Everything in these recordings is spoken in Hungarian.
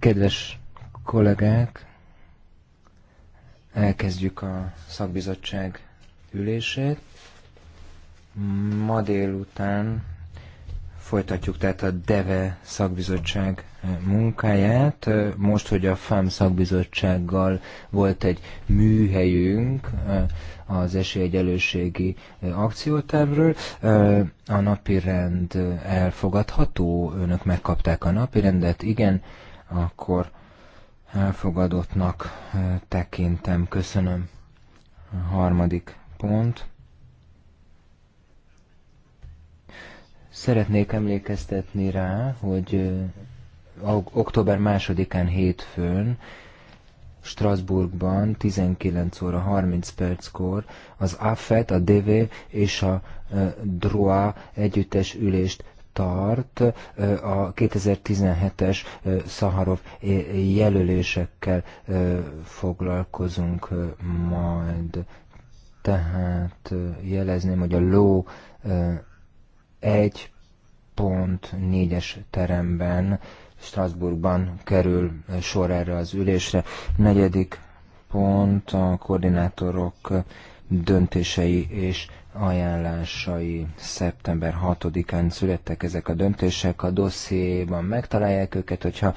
Kedves kollégák, elkezdjük a szakbizottság ülését. Ma délután Folytatjuk tehát a DEVE szakbizottság eh, munkáját. Eh, most, hogy a FAM szakbizottsággal volt egy műhelyünk eh, az esélyegyelőségi akciótervről, a napi rend elfogadható, önök megkapták a napi rendet, igen, akkor elfogadottnak tekintem. Köszönöm. A harmadik pont Szeretnék emlékeztetni rá, hogy október másodikán hétfőn Strasbourgban 19 óra 30 perckor az AFET, a DV és a DROA együttes ülést tart a 2017-es Szaharov jelölésekkel foglalkozunk majd. Tehát jelezném, hogy a LÓ 1 pont négyes teremben, Strasbourgban kerül sor erre az ülésre. Negyedik pont a koordinátorok döntései és ajánlásai szeptember 6-án születtek ezek a döntések, a dossziéban megtalálják őket, hogyha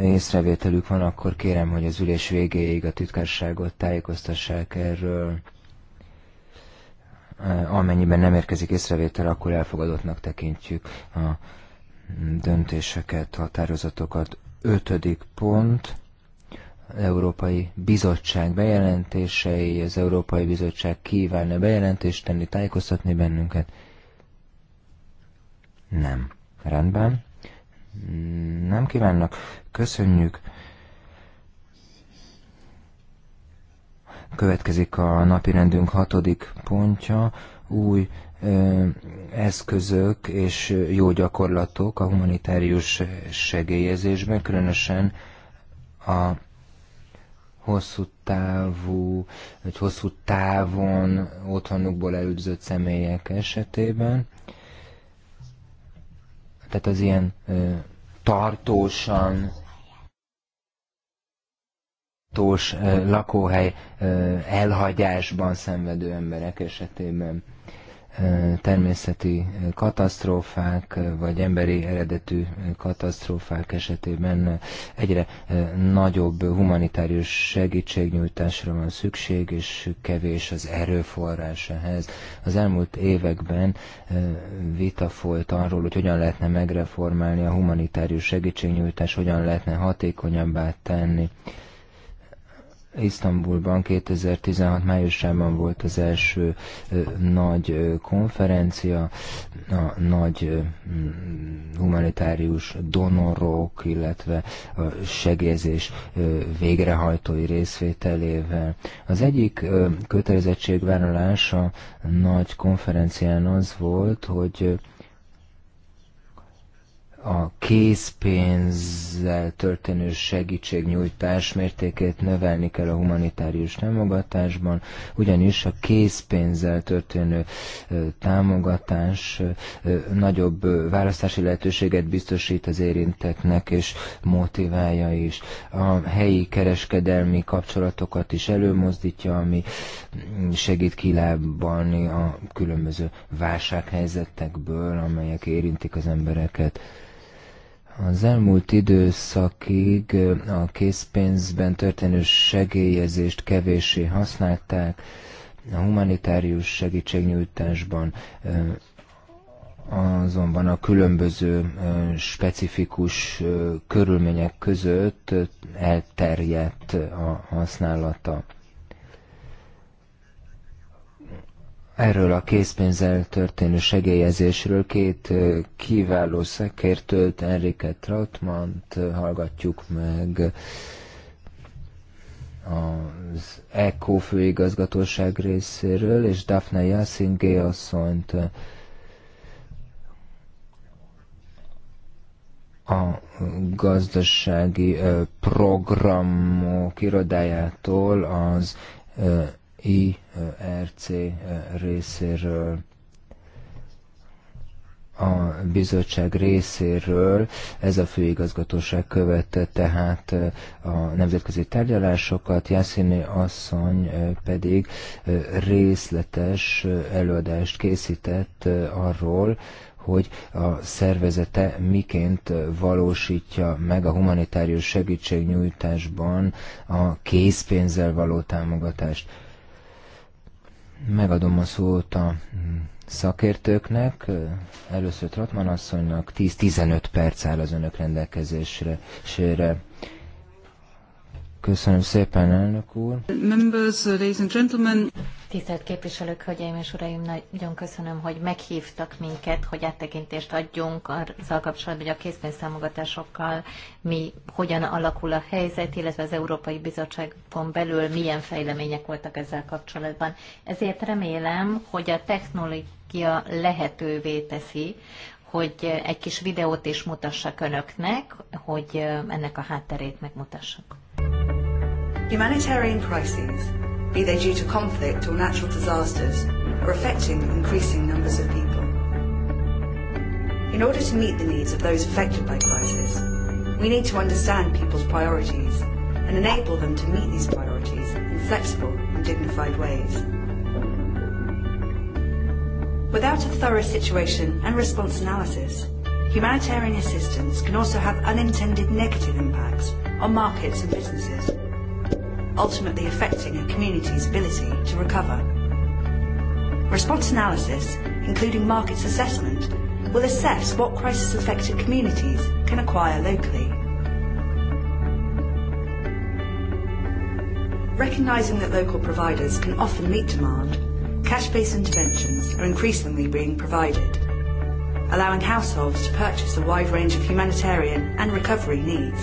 észrevételük van, akkor kérem, hogy az ülés végéig a titkárságot tájékoztassák erről. Eh, amennyiben nem érkezik észrevétel, akkor elfogadottnak tekintjük a döntéseket, határozatokat. Ötödik pont, Európai Bizottság bejelentései, az Európai Bizottság kívánna bejelentést tenni, tájékoztatni bennünket? Nem. Rendben. Nem kívánnak. Köszönjük. Következik a napirendünk hatodik pontja, új eszközök és jó gyakorlatok a humanitárius segélyezésben, különösen a hosszú távú, vagy hosszú távon otthonukból elüldözött személyek esetében. Tehát az ilyen ö, tartósan autós lakóhely elhagyásban szenvedő emberek esetében természeti katasztrófák vagy emberi eredetű katasztrófák esetében egyre nagyobb humanitárius segítségnyújtásra van szükség, és kevés az erőforrás ehhez. Az elmúlt években vita folyt arról, hogy hogyan lehetne megreformálni a humanitárius segítségnyújtás, hogyan lehetne hatékonyabbá tenni Isztambulban 2016 májusában volt az első nagy konferencia, a nagy humanitárius donorok, illetve a segélyezés végrehajtói részvételével. Az egyik kötelezettségvállalás a nagy konferencián az volt, hogy a készpénzzel történő segítségnyújtás mértékét növelni kell a humanitárius támogatásban, ugyanis a készpénzzel történő támogatás nagyobb választási lehetőséget biztosít az érinteknek és motiválja is. A helyi kereskedelmi kapcsolatokat is előmozdítja, ami segít kilábalni a különböző válsághelyzetekből, amelyek érintik az embereket. Az elmúlt időszakig a készpénzben történő segélyezést kevéssé használták, a humanitárius segítségnyújtásban azonban a különböző specifikus körülmények között elterjedt a használata. Erről a készpénzzel történő segélyezésről két kiváló szekértőt, Enrique Trautmant hallgatjuk meg az ECO főigazgatóság részéről, és Daphne Jasszingé asszonyt a gazdasági programok irodájától az IRC eh, részéről a bizottság részéről ez a főigazgatóság követte tehát eh, a nemzetközi tárgyalásokat, Jászini asszony eh, pedig részletes előadást készített arról, hogy a szervezete miként valósítja meg a humanitárius segítségnyújtásban a készpénzzel való támogatást. Megadom a szót a szakértőknek, először Trotman asszonynak 10-15 perc áll az önök rendelkezésre. Sére. Köszönöm szépen, elnök úr. Members, ladies and gentlemen. Tisztelt képviselők, hölgyeim és uraim, nagyon köszönöm, hogy meghívtak minket, hogy áttekintést adjunk azzal kapcsolatban, hogy a készpénztámogatásokkal mi hogyan alakul a helyzet, illetve az Európai Bizottságon belül milyen fejlemények voltak ezzel kapcsolatban. Ezért remélem, hogy a technológia lehetővé teszi, hogy egy kis videót is mutassak önöknek, hogy ennek a hátterét megmutassak. Humanitarian crises be they due to conflict or natural disasters, are affecting increasing numbers of people. In order to meet the needs of those affected by crisis, we need to understand people's priorities and enable them to meet these priorities in flexible and dignified ways. Without a thorough situation and response analysis, humanitarian assistance can also have unintended negative impacts on markets and businesses ultimately affecting a community's ability to recover. Response analysis, including markets assessment, will assess what crisis-affected communities can acquire locally. Recognising that local providers can often meet demand, cash-based interventions are increasingly being provided, allowing households to purchase a wide range of humanitarian and recovery needs.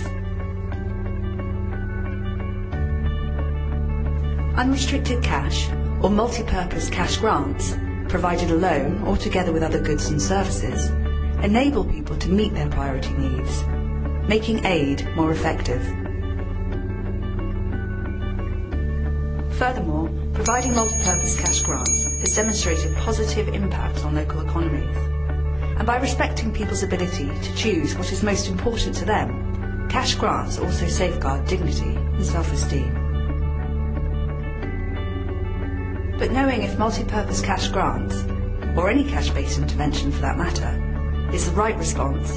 Unrestricted cash or multi-purpose cash grants, provided alone or together with other goods and services, enable people to meet their priority needs, making aid more effective. Furthermore, providing multi-purpose cash grants has demonstrated positive impact on local economies. And by respecting people's ability to choose what is most important to them, cash grants also safeguard dignity and self-esteem. But knowing if multi-purpose cash grants, or any cash-based intervention for that matter, is the right response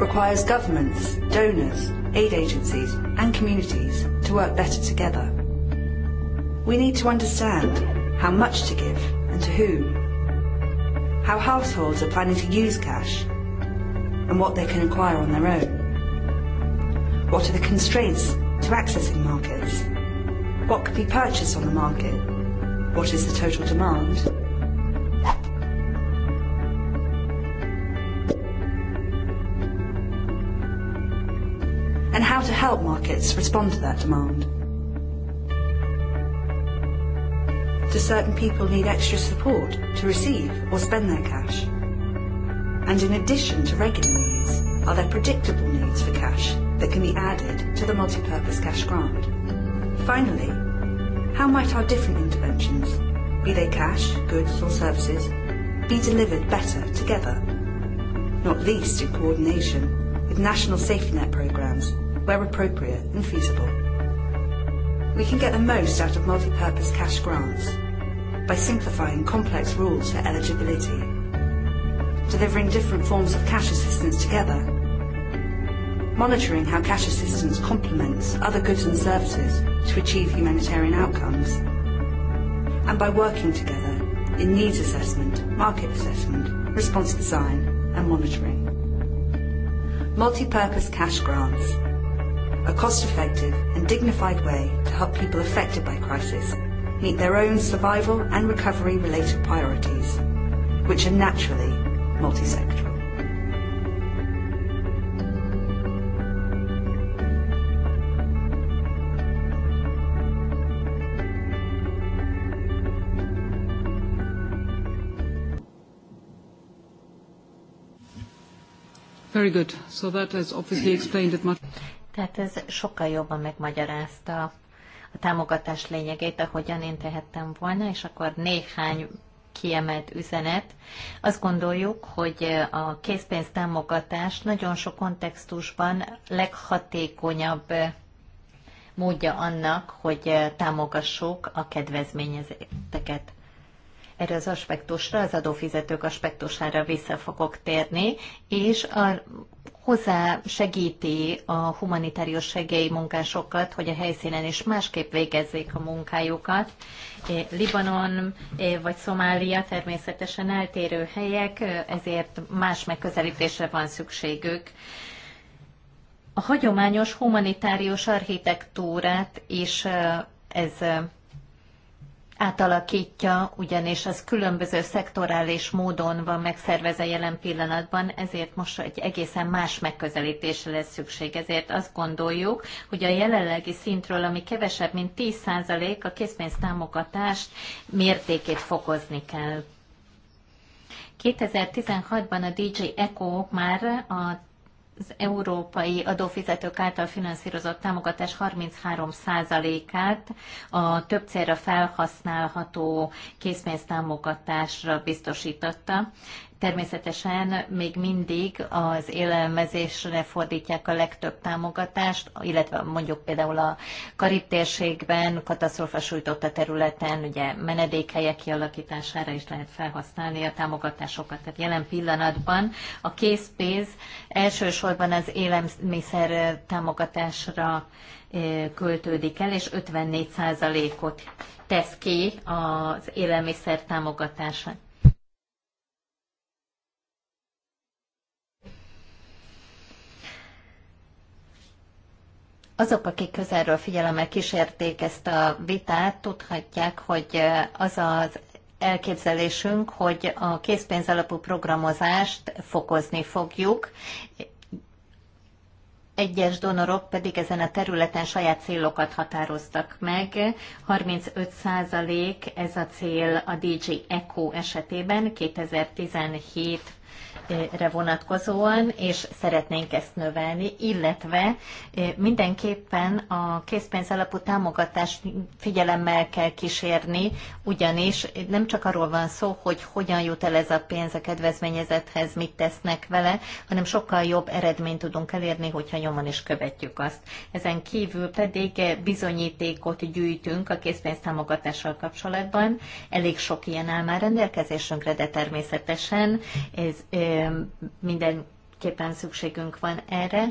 requires governments, donors, aid agencies and communities to work better together. We need to understand how much to give and to whom, how households are planning to use cash and what they can acquire on their own. What are the constraints to accessing markets? What could be purchased on the market what is the total demand. And how to help markets respond to that demand. Do certain people need extra support to receive or spend their cash? And in addition to regular needs, are there predictable needs for cash that can be added to the multi-purpose cash grant? Finally, how might our different interventions, be they cash, goods or services, be delivered better together? Not least in coordination with national safety net programmes where appropriate and feasible. We can get the most out of multi-purpose cash grants by simplifying complex rules for eligibility, delivering different forms of cash assistance together monitoring how cash assistance complements other goods and services to achieve humanitarian outcomes, and by working together in needs assessment, market assessment, response design and monitoring. Multi-purpose cash grants, a cost-effective and dignified way to help people affected by crisis meet their own survival and recovery related priorities, which are naturally multi-sectoral. Very good. So that has obviously explained it much. Tehát ez sokkal jobban megmagyarázta a támogatás lényegét, ahogyan én tehettem volna, és akkor néhány kiemelt üzenet. Azt gondoljuk, hogy a készpénz támogatás nagyon sok kontextusban leghatékonyabb módja annak, hogy támogassuk a kedvezményezetteket erre az aspektusra, az adófizetők aspektusára vissza fogok térni, és a, hozzá segíti a humanitárius munkásokat, hogy a helyszínen is másképp végezzék a munkájukat. Libanon vagy Szomália természetesen eltérő helyek, ezért más megközelítésre van szükségük. A hagyományos humanitárius architektúrát is ez átalakítja, ugyanis az különböző szektorális módon van megszervezve jelen pillanatban, ezért most egy egészen más megközelítésre lesz szükség. Ezért azt gondoljuk, hogy a jelenlegi szintről, ami kevesebb, mint 10% a készpénztámogatást mértékét fokozni kell. 2016-ban a DJ Eco már a az európai adófizetők által finanszírozott támogatás 33%-át a több célra felhasználható készpénztámogatásra biztosította. Természetesen még mindig az élelmezésre fordítják a legtöbb támogatást, illetve mondjuk például a Karib térségben, katasztrófa sújtotta területen, ugye menedékhelyek kialakítására is lehet felhasználni a támogatásokat. Tehát jelen pillanatban a készpénz elsősorban az élelmiszer támogatásra eh, költődik el, és 54%-ot tesz ki az élelmiszer támogatását Azok, akik közelről figyelemmel kísérték ezt a vitát, tudhatják, hogy az az elképzelésünk, hogy a készpénz alapú programozást fokozni fogjuk, egyes donorok pedig ezen a területen saját célokat határoztak meg. 35% ez a cél a DG Eco esetében 2017 re vonatkozóan, és szeretnénk ezt növelni, illetve mindenképpen a készpénz alapú támogatást figyelemmel kell kísérni, ugyanis nem csak arról van szó, hogy hogyan jut el ez a pénz a kedvezményezethez, mit tesznek vele, hanem sokkal jobb eredményt tudunk elérni, hogyha nyomon is követjük azt. Ezen kívül pedig bizonyítékot gyűjtünk a készpénz támogatással kapcsolatban. Elég sok ilyen áll már rendelkezésünkre, de természetesen ez mindenképpen szükségünk van erre.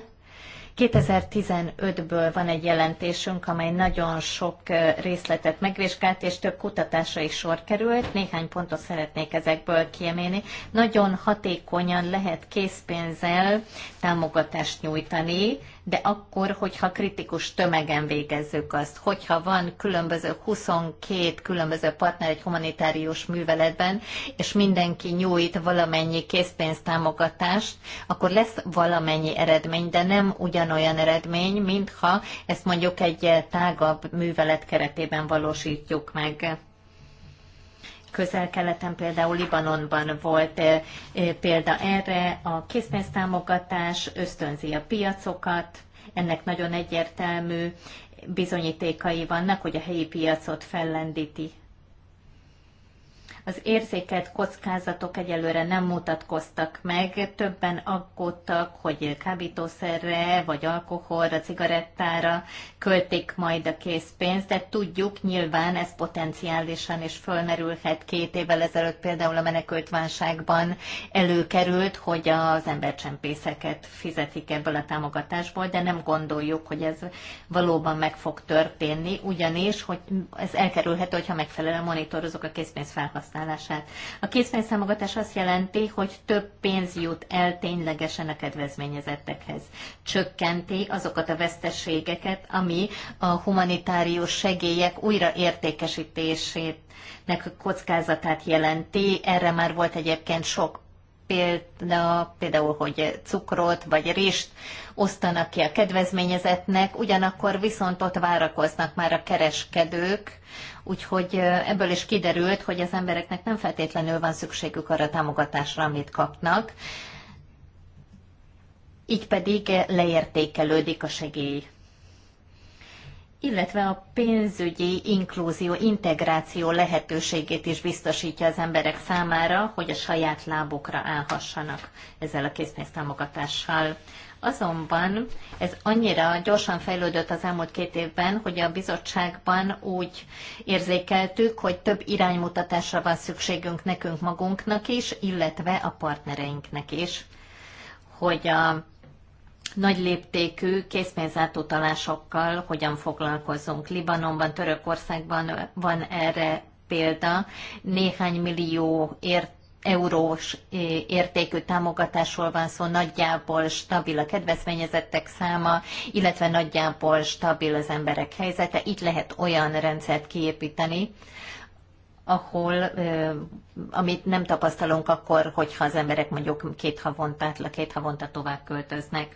2015-ből van egy jelentésünk, amely nagyon sok részletet megvizsgált, és több kutatásra is sor került. Néhány pontot szeretnék ezekből kiemelni. Nagyon hatékonyan lehet készpénzzel támogatást nyújtani de akkor, hogyha kritikus tömegen végezzük azt, hogyha van különböző 22 különböző partner egy humanitárius műveletben, és mindenki nyújt valamennyi készpénztámogatást, akkor lesz valamennyi eredmény, de nem ugyanolyan eredmény, mintha ezt mondjuk egy tágabb művelet keretében valósítjuk meg közel-keleten, például Libanonban volt példa erre, a készpénztámogatás ösztönzi a piacokat, ennek nagyon egyértelmű bizonyítékai vannak, hogy a helyi piacot fellendíti az érzékelt kockázatok egyelőre nem mutatkoztak meg, többen aggódtak, hogy kábítószerre vagy alkoholra, cigarettára költik majd a készpénzt, de tudjuk nyilván ez potenciálisan is fölmerülhet. Két évvel ezelőtt például a válságban előkerült, hogy az embercsempészeket fizetik ebből a támogatásból, de nem gondoljuk, hogy ez valóban meg fog történni, ugyanis hogy ez elkerülhető, hogyha megfelelően monitorozok a készpénz felhasználást alokálását. A készpénztámogatás azt jelenti, hogy több pénz jut el ténylegesen a kedvezményezettekhez. Csökkenti azokat a veszteségeket, ami a humanitárius segélyek újraértékesítését nek kockázatát jelenti. Erre már volt egyébként sok példa, például, hogy cukrot vagy rist osztanak ki a kedvezményezetnek, ugyanakkor viszont ott várakoznak már a kereskedők, úgyhogy ebből is kiderült, hogy az embereknek nem feltétlenül van szükségük arra a támogatásra, amit kapnak, így pedig leértékelődik a segély illetve a pénzügyi inklúzió, integráció lehetőségét is biztosítja az emberek számára, hogy a saját lábukra állhassanak ezzel a készpénztámogatással. Azonban ez annyira gyorsan fejlődött az elmúlt két évben, hogy a bizottságban úgy érzékeltük, hogy több iránymutatásra van szükségünk nekünk magunknak is, illetve a partnereinknek is, hogy a nagy léptékű készpénzátutalásokkal hogyan foglalkozunk. Libanonban, Törökországban van erre példa. Néhány millió ért eurós értékű támogatásról van szó, nagyjából stabil a kedvezményezettek száma, illetve nagyjából stabil az emberek helyzete. Itt lehet olyan rendszert kiépíteni, ahol, amit nem tapasztalunk akkor, hogyha az emberek mondjuk két havonta, két havonta tovább költöznek.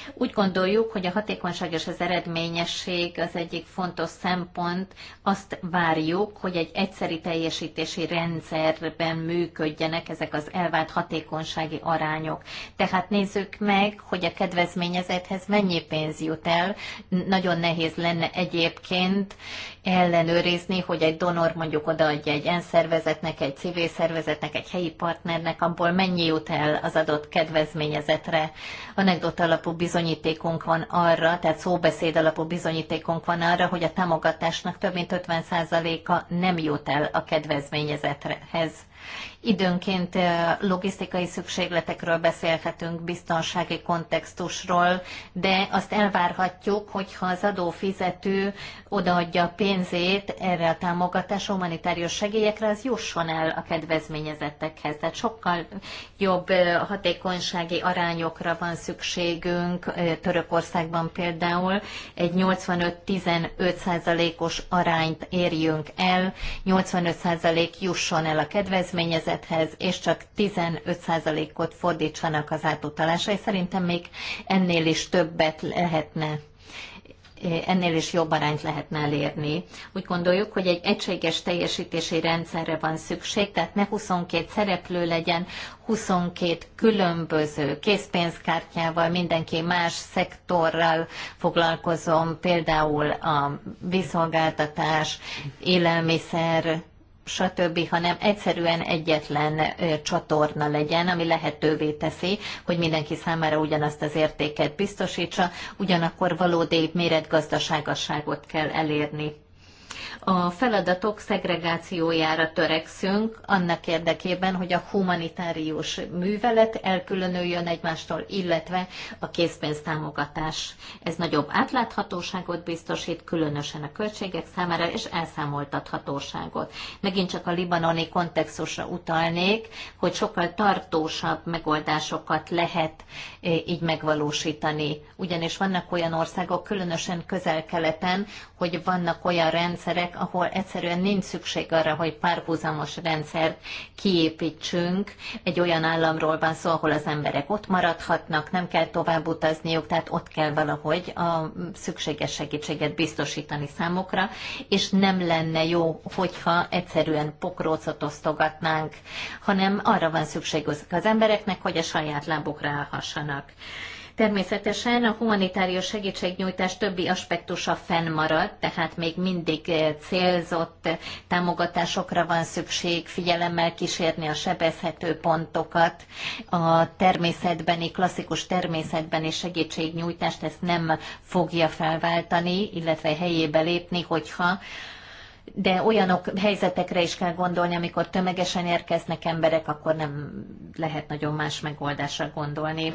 Úgy gondoljuk, hogy a hatékonyság és az eredményesség az egyik fontos szempont. Azt várjuk, hogy egy egyszeri teljesítési rendszerben működjenek ezek az elvált hatékonysági arányok. Tehát nézzük meg, hogy a kedvezményezethez mennyi pénz jut el. Nagyon nehéz lenne egyébként ellenőrizni, hogy egy donor mondjuk odaadja egy enszervezetnek, szervezetnek, egy civil szervezetnek, egy helyi partnernek, abból mennyi jut el az adott kedvezményezetre. Anekdota alapú bizony bizonyítékunk van arra, tehát szóbeszéd alapú bizonyítékunk van arra, hogy a támogatásnak több mint 50%-a nem jut el a kedvezményezethez. Időnként eh, logisztikai szükségletekről beszélhetünk, biztonsági kontextusról, de azt elvárhatjuk, hogyha az adófizető odaadja a pénzét erre a támogatás humanitárius segélyekre, az jusson el a kedvezményezettekhez. Tehát sokkal jobb eh, hatékonysági arányokra van szükségünk. Eh, Törökországban például egy 85-15 százalékos arányt érjünk el, 85 százalék jusson el a kedvezményezettekhez, kedvezményezethez, és csak 15%-ot fordítsanak az átutalásai. szerintem még ennél is többet lehetne ennél is jobb arányt lehetne elérni. Úgy gondoljuk, hogy egy egységes teljesítési rendszerre van szükség, tehát ne 22 szereplő legyen, 22 különböző készpénzkártyával, mindenki más szektorral foglalkozom, például a vízszolgáltatás, élelmiszer, stb., hanem egyszerűen egyetlen csatorna legyen, ami lehetővé teszi, hogy mindenki számára ugyanazt az értéket biztosítsa, ugyanakkor valódi méretgazdaságosságot kell elérni. A feladatok szegregációjára törekszünk annak érdekében, hogy a humanitárius művelet elkülönüljön egymástól, illetve a készpénztámogatás. Ez nagyobb átláthatóságot biztosít, különösen a költségek számára, és elszámoltathatóságot. Megint csak a libanoni kontextusra utalnék, hogy sokkal tartósabb megoldásokat lehet Eh, így megvalósítani. Ugyanis vannak olyan országok, különösen közel-keleten, hogy vannak olyan rendszerek, ahol egyszerűen nincs szükség arra, hogy párhuzamos rendszert kiépítsünk. Egy olyan államról van szó, ahol az emberek ott maradhatnak, nem kell tovább utazniuk, tehát ott kell valahogy a szükséges segítséget biztosítani számukra, és nem lenne jó, hogyha egyszerűen pokrócot osztogatnánk, hanem arra van szükség az embereknek, hogy a saját lábukra állhassanak vannak. Természetesen a humanitárius segítségnyújtás többi aspektusa fennmaradt, tehát még mindig eh, célzott támogatásokra van szükség, figyelemmel kísérni a sebezhető pontokat, a természetbeni, klasszikus természetbeni segítségnyújtást ezt nem fogja felváltani, illetve helyébe lépni, hogyha de olyanok helyzetekre is kell gondolni, amikor tömegesen érkeznek emberek, akkor nem lehet nagyon más megoldásra gondolni.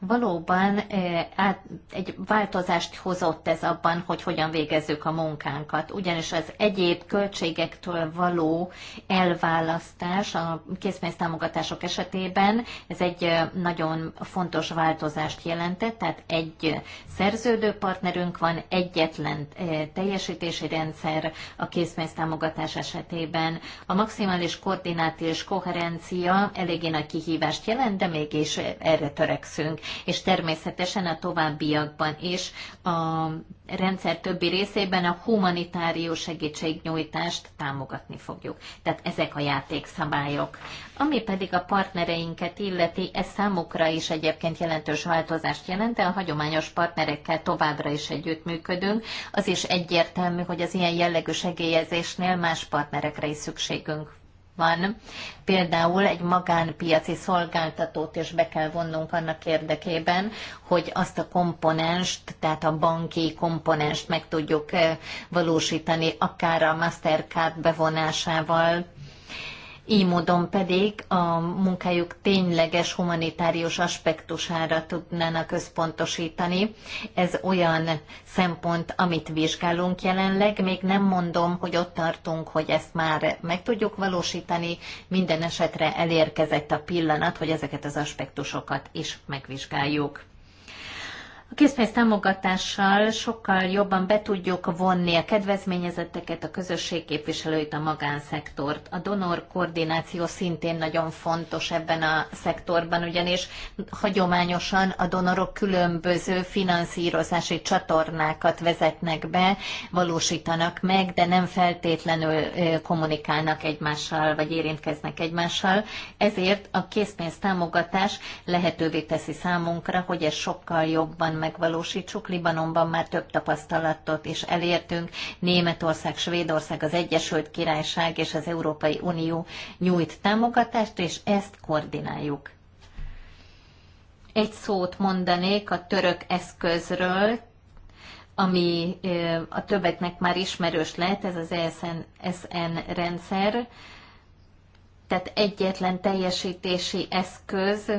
Valóban eh, át, egy változást hozott ez abban, hogy hogyan végezzük a munkánkat, ugyanis az egyéb költségektől való elválasztás a készpénztámogatások esetében ez egy eh, nagyon fontos változást jelentett, tehát egy eh, szerződő partnerünk van, egyetlen teljesítési rendszer a készpénztámogatás esetében. A maximális koordinációs koherencia eléggé nagy kihívást jelent, de mégis erre törekszünk és természetesen a továbbiakban is a rendszer többi részében a humanitárius segítségnyújtást támogatni fogjuk. Tehát ezek a játékszabályok. Ami pedig a partnereinket illeti, ez számukra is egyébként jelentős változást jelent, de a hagyományos partnerekkel továbbra is együttműködünk. Az is egyértelmű, hogy az ilyen jellegű segélyezésnél más partnerekre is szükségünk van. Például egy magánpiaci szolgáltatót is be kell vonnunk annak érdekében, hogy azt a komponenst, tehát a banki komponenst meg tudjuk eh, valósítani, akár a Mastercard bevonásával, így módon pedig a munkájuk tényleges humanitárius aspektusára tudnának összpontosítani. Ez olyan szempont, amit vizsgálunk jelenleg. Még nem mondom, hogy ott tartunk, hogy ezt már meg tudjuk valósítani. Minden esetre elérkezett a pillanat, hogy ezeket az aspektusokat is megvizsgáljuk. A készpénz támogatással sokkal jobban be tudjuk vonni a kedvezményezetteket, a közösségképviselőit, a magánszektort. A donor koordináció szintén nagyon fontos ebben a szektorban, ugyanis hagyományosan a donorok különböző finanszírozási csatornákat vezetnek be, valósítanak meg, de nem feltétlenül kommunikálnak egymással, vagy érintkeznek egymással. Ezért a készpénz támogatás lehetővé teszi számunkra, hogy ez sokkal jobban megvalósítsuk. Libanonban már több tapasztalatot is elértünk. Németország, Svédország, az Egyesült Királyság és az Európai Unió nyújt támogatást, és ezt koordináljuk. Egy szót mondanék a török eszközről, ami a többeknek már ismerős lehet, ez az ESN, SN rendszer, tehát egyetlen teljesítési eszköz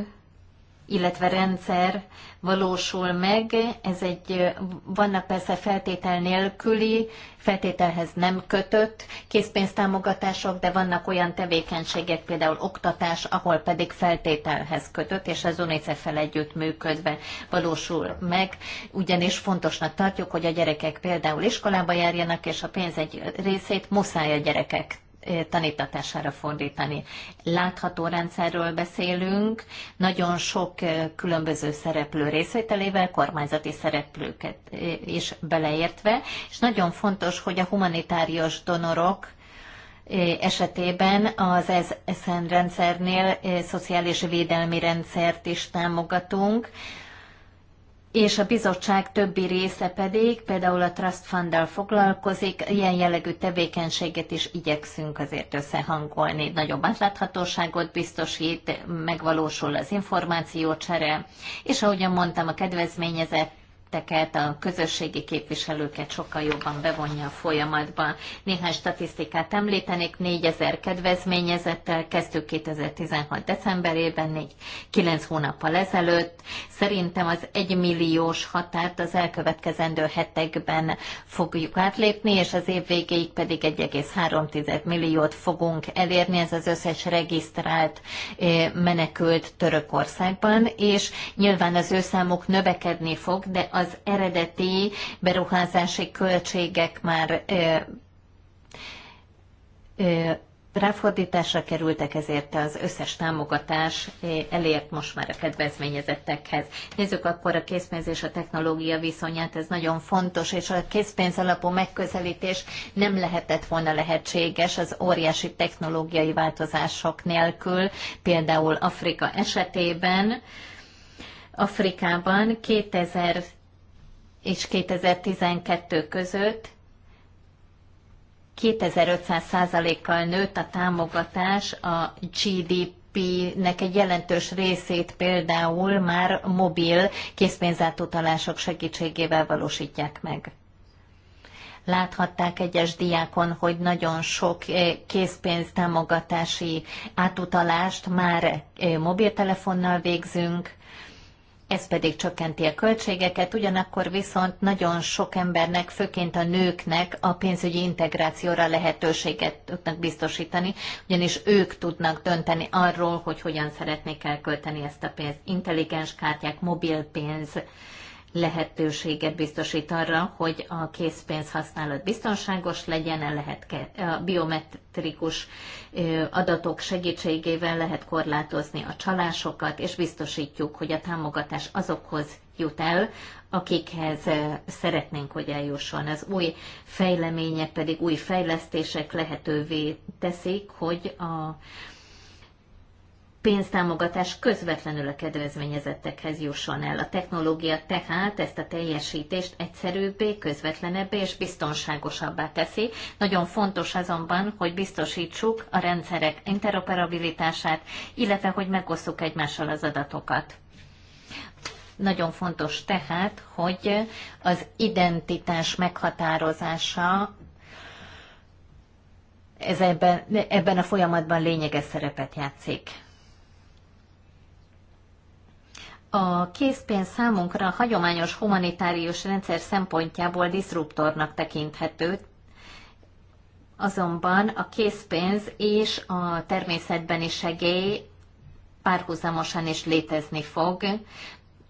illetve rendszer valósul meg. Ez egy, vannak persze feltétel nélküli, feltételhez nem kötött készpénztámogatások, de vannak olyan tevékenységek, például oktatás, ahol pedig feltételhez kötött, és az UNICEF-fel együtt működve valósul meg, ugyanis fontosnak tartjuk, hogy a gyerekek például iskolába járjanak, és a pénz egy részét muszáj a gyerekek tanítatására fordítani. Látható rendszerről beszélünk, nagyon sok különböző szereplő részvételével, kormányzati szereplőket is beleértve, és nagyon fontos, hogy a humanitárius donorok esetében az SZN rendszernél szociális védelmi rendszert is támogatunk, és a bizottság többi része pedig, például a Trust Funddal foglalkozik, ilyen jellegű tevékenységet is igyekszünk azért összehangolni. Nagyobb átláthatóságot biztosít, megvalósul az információcsere, és ahogyan mondtam, a kedvezményezett érintetteket, a közösségi képviselőket sokkal jobban bevonja a folyamatba. Néhány statisztikát említenék, 4000 kedvezményezettel kezdtük 2016. decemberében, 4, 9 hónappal ezelőtt. Szerintem az 1 milliós határt az elkövetkezendő hetekben fogjuk átlépni, és az év végéig pedig 1,3 milliót fogunk elérni, ez az összes regisztrált eh, menekült Törökországban, és nyilván az ő számuk növekedni fog, de az eredeti beruházási költségek már ö, ö, ráfordításra kerültek, ezért az összes támogatás elért most már a kedvezményezettekhez. Nézzük akkor a készpénz és a technológia viszonyát, ez nagyon fontos, és a készpénz alapú megközelítés nem lehetett volna lehetséges az óriási technológiai változások nélkül, például Afrika esetében. Afrikában 2000 és 2012 között 2500%-kal nőtt a támogatás a GDP-nek egy jelentős részét például már mobil készpénzátutalások segítségével valósítják meg. Láthatták egyes diákon, hogy nagyon sok eh, készpénztámogatási átutalást már eh, mobiltelefonnal végzünk, ez pedig csökkenti a költségeket, ugyanakkor viszont nagyon sok embernek, főként a nőknek a pénzügyi integrációra lehetőséget tudnak biztosítani, ugyanis ők tudnak dönteni arról, hogy hogyan szeretnék elkölteni ezt a pénzt. Intelligens kártyák, mobilpénz, pénz lehetőséget biztosít arra, hogy a készpénz használat biztonságos legyen, lehet a biometrikus adatok segítségével lehet korlátozni a csalásokat, és biztosítjuk, hogy a támogatás azokhoz jut el, akikhez szeretnénk, hogy eljusson. Az új fejlemények pedig új fejlesztések lehetővé teszik, hogy a pénztámogatás közvetlenül a kedvezményezettekhez jusson el. A technológia tehát ezt a teljesítést egyszerűbbé, közvetlenebbé és biztonságosabbá teszi. Nagyon fontos azonban, hogy biztosítsuk a rendszerek interoperabilitását, illetve hogy megosszuk egymással az adatokat. Nagyon fontos tehát, hogy az identitás meghatározása ez ebben, ebben a folyamatban lényeges szerepet játszik a készpénz számunkra a hagyományos humanitárius rendszer szempontjából diszruptornak tekinthető, azonban a készpénz és a természetben is segély párhuzamosan is létezni fog,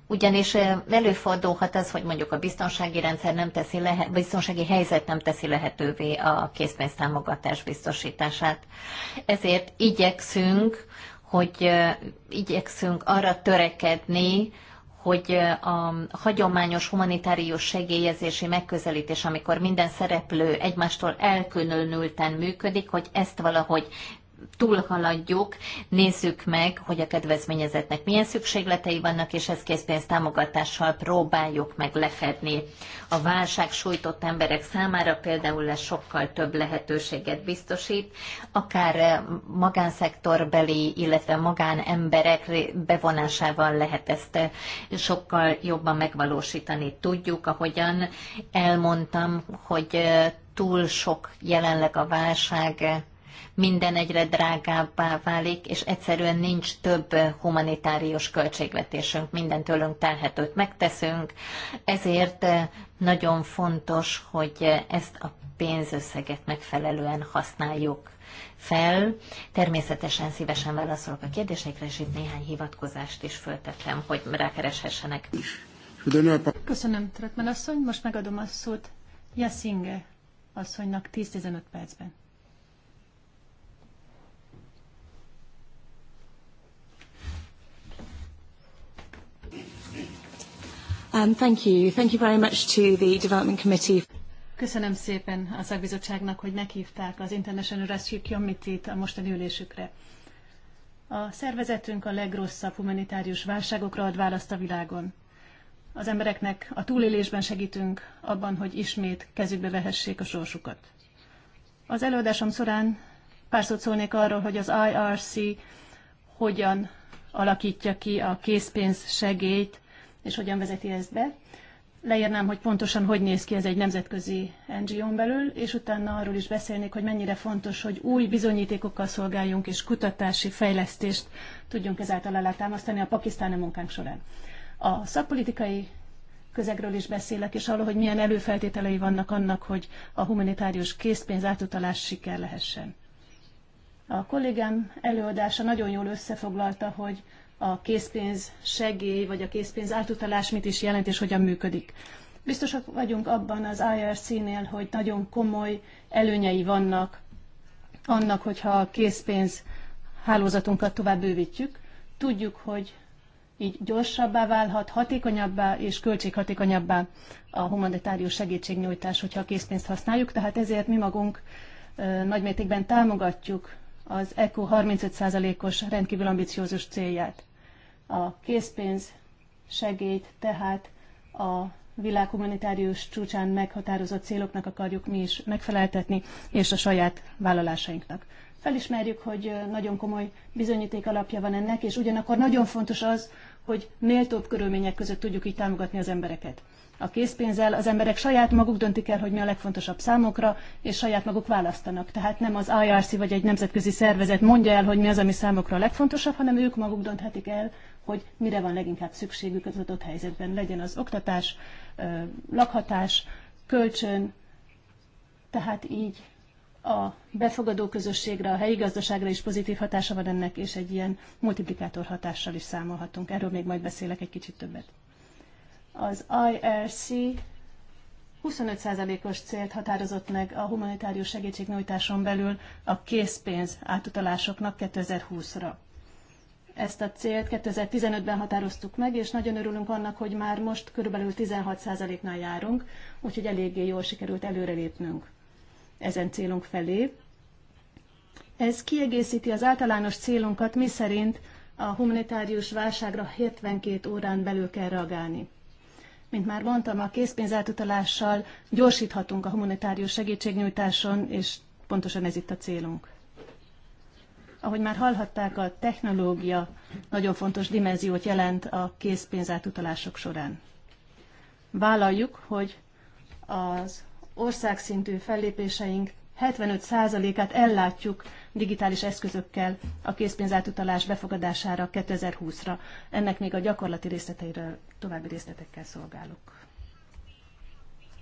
ugyanis előfordulhat az, hogy mondjuk a biztonsági rendszer nem teszi lehet, biztonsági helyzet nem teszi lehetővé a készpénztámogatás biztosítását. Ezért igyekszünk hogy igyekszünk arra törekedni, hogy a hagyományos humanitárius segélyezési megközelítés, amikor minden szereplő egymástól elkülönülten működik, hogy ezt valahogy túlhaladjuk, nézzük meg, hogy a kedvezményezetnek milyen szükségletei vannak, és ezt készpénz támogatással próbáljuk meg lefedni. A válság sújtott emberek számára például ez sokkal több lehetőséget biztosít, akár eh, magánszektorbeli, illetve magánemberek bevonásával lehet ezt eh, sokkal jobban megvalósítani. Tudjuk, ahogyan elmondtam, hogy eh, túl sok jelenleg a válság minden egyre drágábbá válik, és egyszerűen nincs több humanitárius költségvetésünk, minden tőlünk telhetőt megteszünk, ezért nagyon fontos, hogy ezt a pénzösszeget megfelelően használjuk fel. Természetesen szívesen válaszolok a kérdésekre, és itt néhány hivatkozást is föltettem, hogy rákereshessenek. Köszönöm, Trotman asszony. Most megadom a szót Jasinge asszonynak 10-15 percben. Um, thank you. Thank you very much to the Development Committee. Köszönöm szépen a szakbizottságnak, hogy meghívták az International Rescue Committee-t a mostani ülésükre. A szervezetünk a legrosszabb humanitárius válságokra ad választ a világon. Az embereknek a túlélésben segítünk abban, hogy ismét kezükbe vehessék a sorsukat. Az előadásom során pár szót szólnék arról, hogy az IRC hogyan alakítja ki a készpénz segélyt és hogyan vezeti ezt be. Leírnám, hogy pontosan hogy néz ki ez egy nemzetközi NGO-n belül, és utána arról is beszélnék, hogy mennyire fontos, hogy új bizonyítékokkal szolgáljunk, és kutatási fejlesztést tudjunk ezáltal alátámasztani a pakisztáni munkánk során. A szakpolitikai közegről is beszélek, és arról, hogy milyen előfeltételei vannak annak, hogy a humanitárius készpénz átutalás siker lehessen. A kollégám előadása nagyon jól összefoglalta, hogy a készpénz segély, vagy a készpénz átutalás mit is jelent, és hogyan működik. Biztosak vagyunk abban az IRC-nél, hogy nagyon komoly előnyei vannak annak, hogyha a készpénz hálózatunkat tovább bővítjük. Tudjuk, hogy így gyorsabbá válhat, hatékonyabbá és költséghatékonyabbá a humanitárius segítségnyújtás, hogyha a készpénzt használjuk. Tehát ezért mi magunk nagymértékben támogatjuk az ECO 35%-os rendkívül ambiciózus célját. A készpénz segélyt tehát a világ humanitárius csúcsán meghatározott céloknak akarjuk mi is megfeleltetni, és a saját vállalásainknak. Felismerjük, hogy nagyon komoly bizonyíték alapja van ennek, és ugyanakkor nagyon fontos az, hogy méltóbb körülmények között tudjuk így támogatni az embereket a készpénzzel az emberek saját maguk döntik el, hogy mi a legfontosabb számokra, és saját maguk választanak. Tehát nem az IRC vagy egy nemzetközi szervezet mondja el, hogy mi az, ami számokra a legfontosabb, hanem ők maguk dönthetik el, hogy mire van leginkább szükségük az adott helyzetben. Legyen az oktatás, lakhatás, kölcsön, tehát így a befogadó közösségre, a helyi gazdaságra is pozitív hatása van ennek, és egy ilyen multiplikátor hatással is számolhatunk. Erről még majd beszélek egy kicsit többet. Az IRC 25%-os célt határozott meg a humanitárius segítségnyújtáson belül a készpénz átutalásoknak 2020-ra. Ezt a célt 2015-ben határoztuk meg, és nagyon örülünk annak, hogy már most körülbelül 16%-nál járunk, úgyhogy eléggé jól sikerült előrelépnünk ezen célunk felé. Ez kiegészíti az általános célunkat, miszerint a humanitárius válságra 72 órán belül kell reagálni. Mint már mondtam, a készpénzátutalással gyorsíthatunk a humanitárius segítségnyújtáson, és pontosan ez itt a célunk. Ahogy már hallhatták, a technológia nagyon fontos dimenziót jelent a készpénzátutalások során. Vállaljuk, hogy az országszintű fellépéseink 75%-át ellátjuk digitális eszközökkel a készpénzátutalás befogadására 2020-ra. Ennek még a gyakorlati részleteiről további részletekkel szolgálok.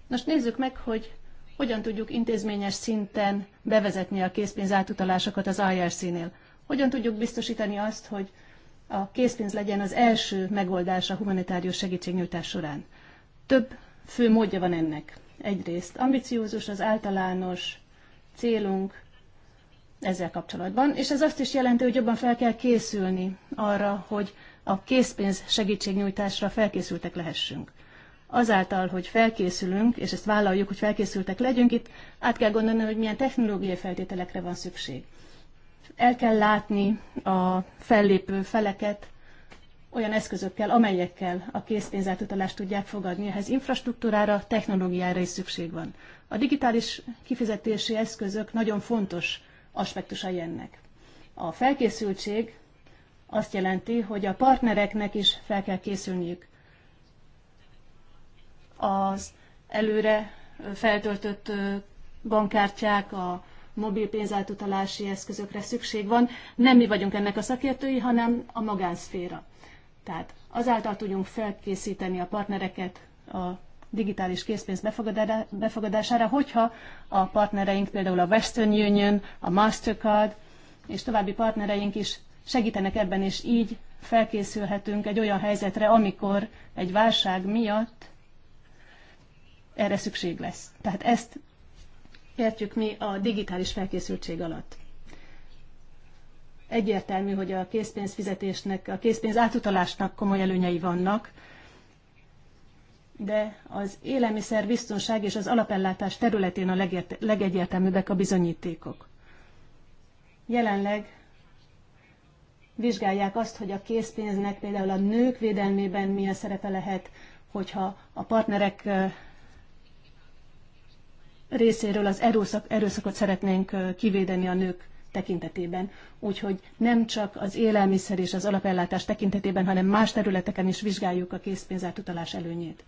Most nézzük meg, hogy hogyan tudjuk intézményes szinten bevezetni a készpénzátutalásokat az IRC-nél. Hogyan tudjuk biztosítani azt, hogy a készpénz legyen az első megoldás a humanitárius segítségnyújtás során. Több fő módja van ennek. Egyrészt ambiciózus az általános célunk ezzel kapcsolatban, és ez azt is jelenti, hogy jobban fel kell készülni arra, hogy a készpénz segítségnyújtásra felkészültek lehessünk. Azáltal, hogy felkészülünk, és ezt vállaljuk, hogy felkészültek legyünk, itt át kell gondolni, hogy milyen technológiai feltételekre van szükség. El kell látni a fellépő feleket olyan eszközökkel, amelyekkel a készpénz átutalást tudják fogadni. Ehhez infrastruktúrára, technológiára is szükség van. A digitális kifizetési eszközök nagyon fontos aspektusai ennek. A felkészültség azt jelenti, hogy a partnereknek is fel kell készülniük az előre feltöltött bankkártyák, a mobil pénzátutalási eszközökre szükség van. Nem mi vagyunk ennek a szakértői, hanem a magánszféra. Tehát azáltal tudjunk felkészíteni a partnereket a digitális készpénz befogadására, hogyha a partnereink, például a Western Union, a Mastercard és további partnereink is segítenek ebben, és így felkészülhetünk egy olyan helyzetre, amikor egy válság miatt erre szükség lesz. Tehát ezt értjük mi a digitális felkészültség alatt. Egyértelmű, hogy a készpénzfizetésnek, a készpénz átutalásnak komoly előnyei vannak, de az biztonság és az alapellátás területén a legért- legegyértelműbbek a bizonyítékok. Jelenleg vizsgálják azt, hogy a készpénznek például a nők védelmében milyen szerepe lehet, hogyha a partnerek részéről az erőszak, erőszakot szeretnénk kivédeni a nők tekintetében. Úgyhogy nem csak az élelmiszer és az alapellátás tekintetében, hanem más területeken is vizsgáljuk a készpénzátutalás előnyét.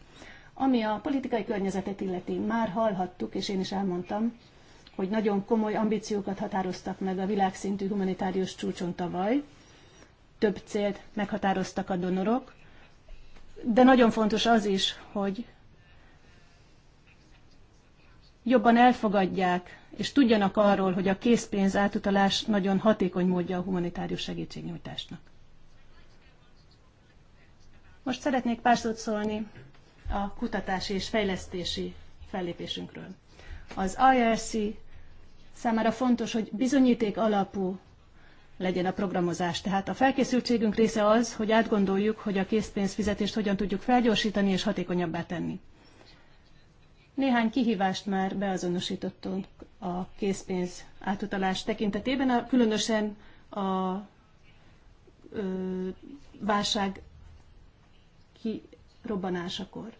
Ami a politikai környezetet illeti, már hallhattuk, és én is elmondtam, hogy nagyon komoly ambíciókat határoztak meg a világszintű humanitárius csúcson tavaly. Több célt meghatároztak a donorok, de nagyon fontos az is, hogy jobban elfogadják és tudjanak arról, hogy a készpénz átutalás nagyon hatékony módja a humanitárius segítségnyújtásnak. Most szeretnék pár szót szólni a kutatási és fejlesztési fellépésünkről. Az IRC számára fontos, hogy bizonyíték alapú legyen a programozás. Tehát a felkészültségünk része az, hogy átgondoljuk, hogy a készpénzfizetést hogyan tudjuk felgyorsítani és hatékonyabbá tenni. Néhány kihívást már beazonosítottunk a készpénz átutalás tekintetében, különösen a válság kirobbanásakor.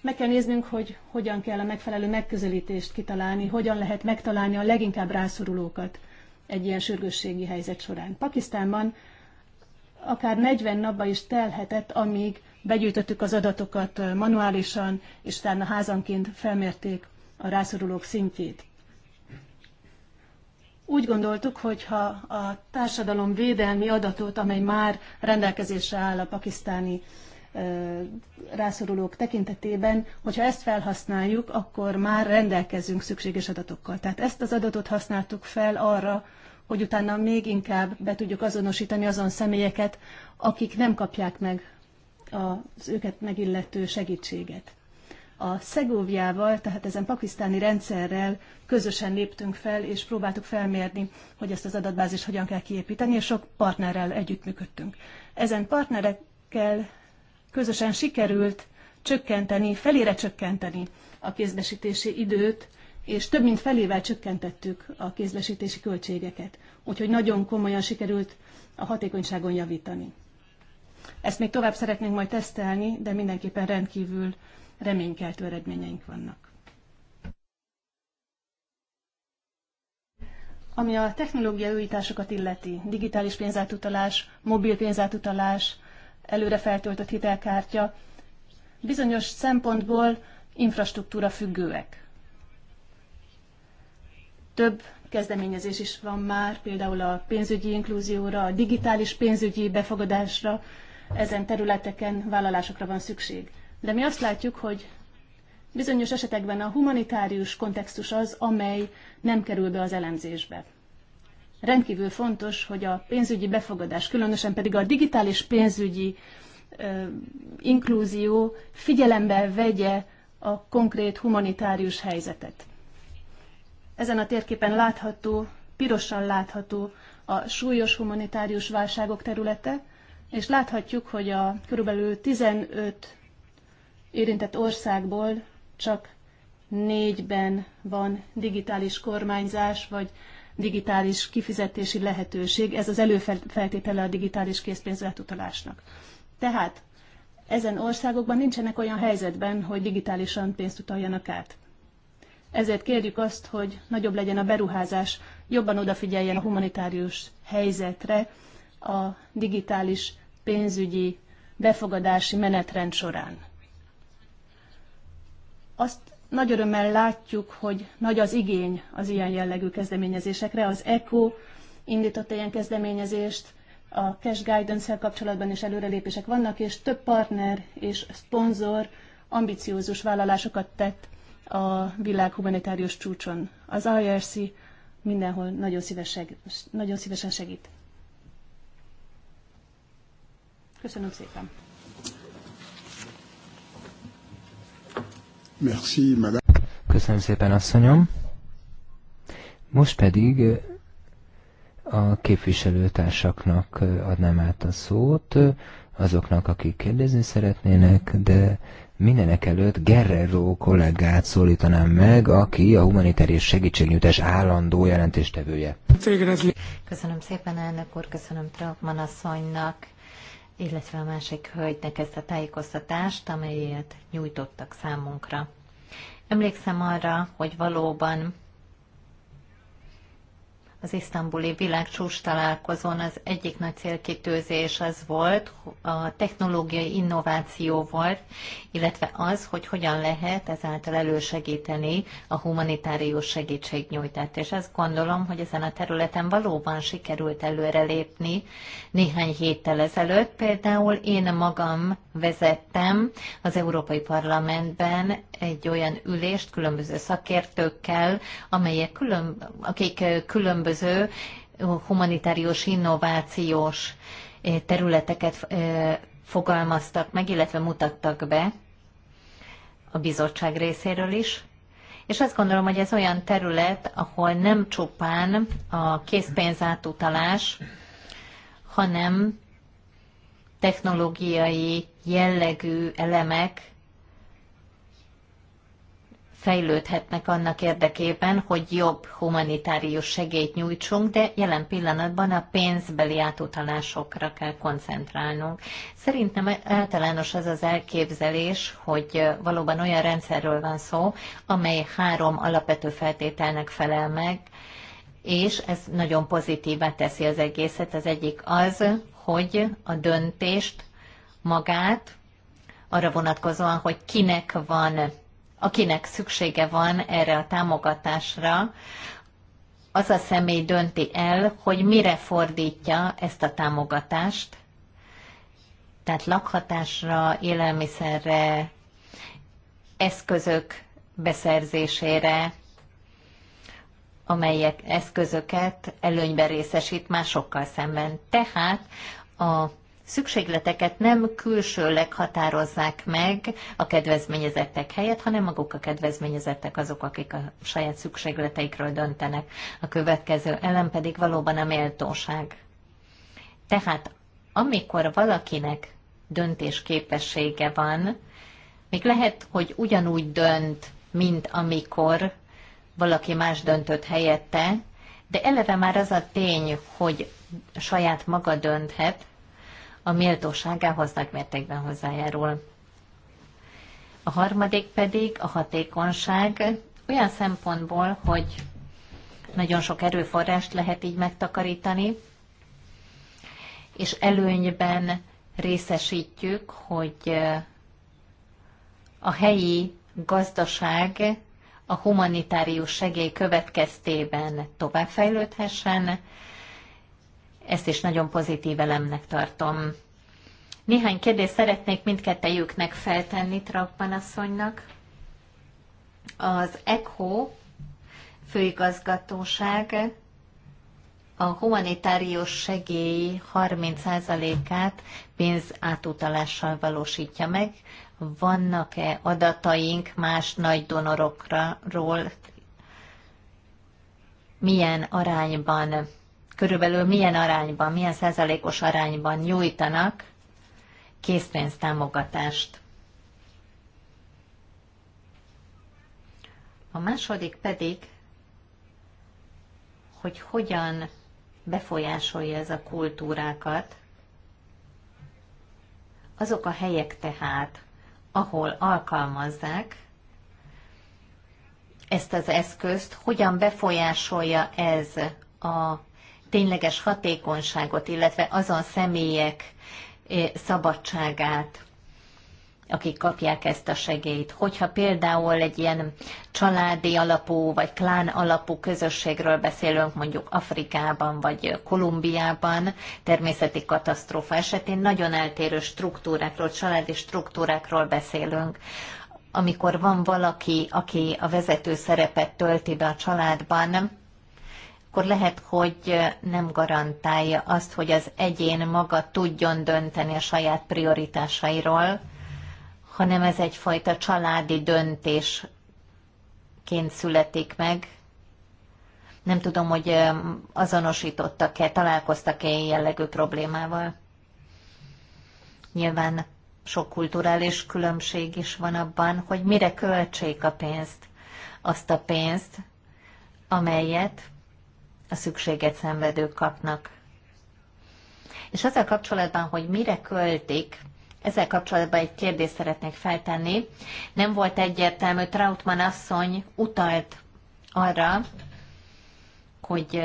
Meg kell néznünk, hogy hogyan kell a megfelelő megközelítést kitalálni, hogyan lehet megtalálni a leginkább rászorulókat egy ilyen sürgősségi helyzet során. Pakisztánban akár 40 napba is telhetett, amíg begyűjtöttük az adatokat manuálisan, és utána házanként felmérték a rászorulók szintjét. Úgy gondoltuk, hogy ha a társadalom védelmi adatot, amely már rendelkezésre áll a pakisztáni rászorulók tekintetében, hogyha ezt felhasználjuk, akkor már rendelkezünk szükséges adatokkal. Tehát ezt az adatot használtuk fel arra, hogy utána még inkább be tudjuk azonosítani azon személyeket, akik nem kapják meg az őket megillető segítséget a Szegóviával, tehát ezen pakisztáni rendszerrel közösen léptünk fel, és próbáltuk felmérni, hogy ezt az adatbázist hogyan kell kiépíteni, és sok partnerrel együttműködtünk. Ezen partnerekkel közösen sikerült csökkenteni, felére csökkenteni a kézbesítési időt, és több mint felével csökkentettük a kézbesítési költségeket. Úgyhogy nagyon komolyan sikerült a hatékonyságon javítani. Ezt még tovább szeretnénk majd tesztelni, de mindenképpen rendkívül reménykeltő eredményeink vannak. Ami a technológiai újításokat illeti, digitális pénzátutalás, mobil pénzátutalás, előre feltöltött hitelkártya, bizonyos szempontból infrastruktúra függőek. Több kezdeményezés is van már, például a pénzügyi inklúzióra, a digitális pénzügyi befogadásra, ezen területeken vállalásokra van szükség de mi azt látjuk, hogy bizonyos esetekben a humanitárius kontextus az, amely nem kerül be az elemzésbe. Rendkívül fontos, hogy a pénzügyi befogadás, különösen pedig a digitális pénzügyi ö, inklúzió figyelembe vegye a konkrét humanitárius helyzetet. Ezen a térképen látható, pirosan látható a súlyos humanitárius válságok területe, és láthatjuk, hogy a körülbelül 15 érintett országból csak négyben van digitális kormányzás, vagy digitális kifizetési lehetőség. Ez az előfeltétele a digitális készpénzátutalásnak. Tehát ezen országokban nincsenek olyan helyzetben, hogy digitálisan pénzt utaljanak át. Ezért kérjük azt, hogy nagyobb legyen a beruházás, jobban odafigyeljen a humanitárius helyzetre a digitális pénzügyi befogadási menetrend során. Azt nagy örömmel látjuk, hogy nagy az igény az ilyen jellegű kezdeményezésekre. Az ECO indította ilyen kezdeményezést, a cash guidance-el kapcsolatban is előrelépések vannak, és több partner és szponzor ambiciózus vállalásokat tett a világ humanitárius csúcson. Az IRC mindenhol nagyon, szíves nagyon szívesen segít. Köszönöm szépen! Merci, madame. Köszönöm szépen, asszonyom. Most pedig eh, a képviselőtársaknak eh, adnám át a szót, eh, azoknak, akik kérdezni szeretnének, de mindenek előtt Gerrero kollégát szólítanám meg, aki a humanitárius segítségnyújtás állandó jelentéstevője. Köszönöm szépen, elnök úr, köszönöm Trautmann asszonynak illetve a másik hölgynek ezt a tájékoztatást, amelyet nyújtottak számunkra. Emlékszem arra, hogy valóban az isztambuli világcsúcs találkozón az egyik nagy célkitűzés az volt, a technológiai innováció volt, illetve az, hogy hogyan lehet ezáltal elősegíteni a humanitárius segítségnyújtást. És azt gondolom, hogy ezen a területen valóban sikerült előrelépni néhány héttel ezelőtt. Például én magam vezettem az Európai Parlamentben egy olyan ülést különböző szakértőkkel, amelyek külön, akik különböző humanitárius innovációs területeket fogalmaztak meg, illetve mutattak be a bizottság részéről is. És azt gondolom, hogy ez olyan terület, ahol nem csupán a készpénz átutalás, hanem technológiai jellegű elemek fejlődhetnek annak érdekében, hogy jobb humanitárius segélyt nyújtsunk, de jelen pillanatban a pénzbeli átutalásokra kell koncentrálnunk. Szerintem általános az az elképzelés, hogy valóban olyan rendszerről van szó, amely három alapvető feltételnek felel meg, és ez nagyon pozitívá teszi az egészet. Az egyik az, hogy a döntést magát arra vonatkozóan, hogy kinek van, akinek szüksége van erre a támogatásra, az a személy dönti el, hogy mire fordítja ezt a támogatást, tehát lakhatásra, élelmiszerre, eszközök beszerzésére, amelyek eszközöket előnyben részesít másokkal szemben. Tehát a szükségleteket nem külsőleg határozzák meg a kedvezményezettek helyett, hanem maguk a kedvezményezettek azok, akik a saját szükségleteikről döntenek. A következő elem pedig valóban a méltóság. Tehát amikor valakinek döntésképessége van, még lehet, hogy ugyanúgy dönt, mint amikor valaki más döntött helyette, de eleve már az a tény, hogy saját maga dönthet, a méltóságához nagy mértékben hozzájárul. A harmadik pedig a hatékonyság olyan szempontból, hogy nagyon sok erőforrást lehet így megtakarítani, és előnyben részesítjük, hogy a helyi gazdaság a humanitárius segély következtében továbbfejlődhessen, ezt is nagyon pozitív elemnek tartom. Néhány kérdést szeretnék mindkettejüknek feltenni Trakban asszonynak. Az ECHO főigazgatóság a humanitárius segély 30%-át pénz átutalással valósítja meg. Vannak-e adataink más nagy donorokról? Milyen arányban körülbelül milyen arányban, milyen százalékos arányban nyújtanak készpénztámogatást. A második pedig, hogy hogyan befolyásolja ez a kultúrákat, azok a helyek tehát, ahol alkalmazzák ezt az eszközt, hogyan befolyásolja ez a tényleges hatékonyságot, illetve azon személyek eh, szabadságát, akik kapják ezt a segélyt. Hogyha például egy ilyen családi alapú vagy klán alapú közösségről beszélünk mondjuk Afrikában vagy Kolumbiában, természeti katasztrófa esetén nagyon eltérő struktúrákról, családi struktúrákról beszélünk. Amikor van valaki, aki a vezető szerepet tölti be a családban, akkor lehet, hogy nem garantálja azt, hogy az egyén maga tudjon dönteni a saját prioritásairól, hanem ez egyfajta családi döntésként születik meg. Nem tudom, hogy azonosítottak-e, találkoztak-e ilyen jellegű problémával. Nyilván sok kulturális különbség is van abban, hogy mire költsék a pénzt. Azt a pénzt, amelyet a szükséget szenvedők kapnak. És azzal kapcsolatban, hogy mire költik, ezzel kapcsolatban egy kérdést szeretnék feltenni. Nem volt egyértelmű, Trautmann asszony utalt arra, hogy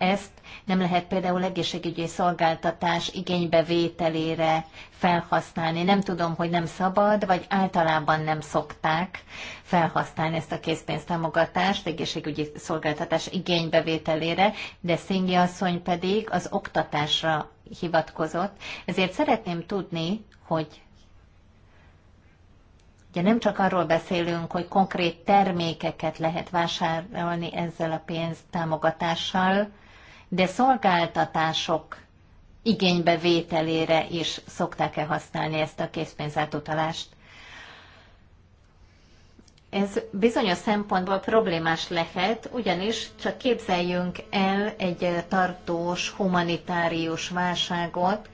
ezt nem lehet például egészségügyi szolgáltatás igénybevételére felhasználni. Nem tudom, hogy nem szabad, vagy általában nem szokták felhasználni ezt a készpénztámogatást egészségügyi szolgáltatás igénybevételére, de Szingi asszony pedig az oktatásra hivatkozott. Ezért szeretném tudni, hogy Ugye nem csak arról beszélünk, hogy konkrét termékeket lehet vásárolni ezzel a pénztámogatással, de szolgáltatások igénybevételére is szokták-e használni ezt a készpénzátutalást? Ez bizonyos szempontból problémás lehet, ugyanis csak képzeljünk el egy tartós humanitárius válságot,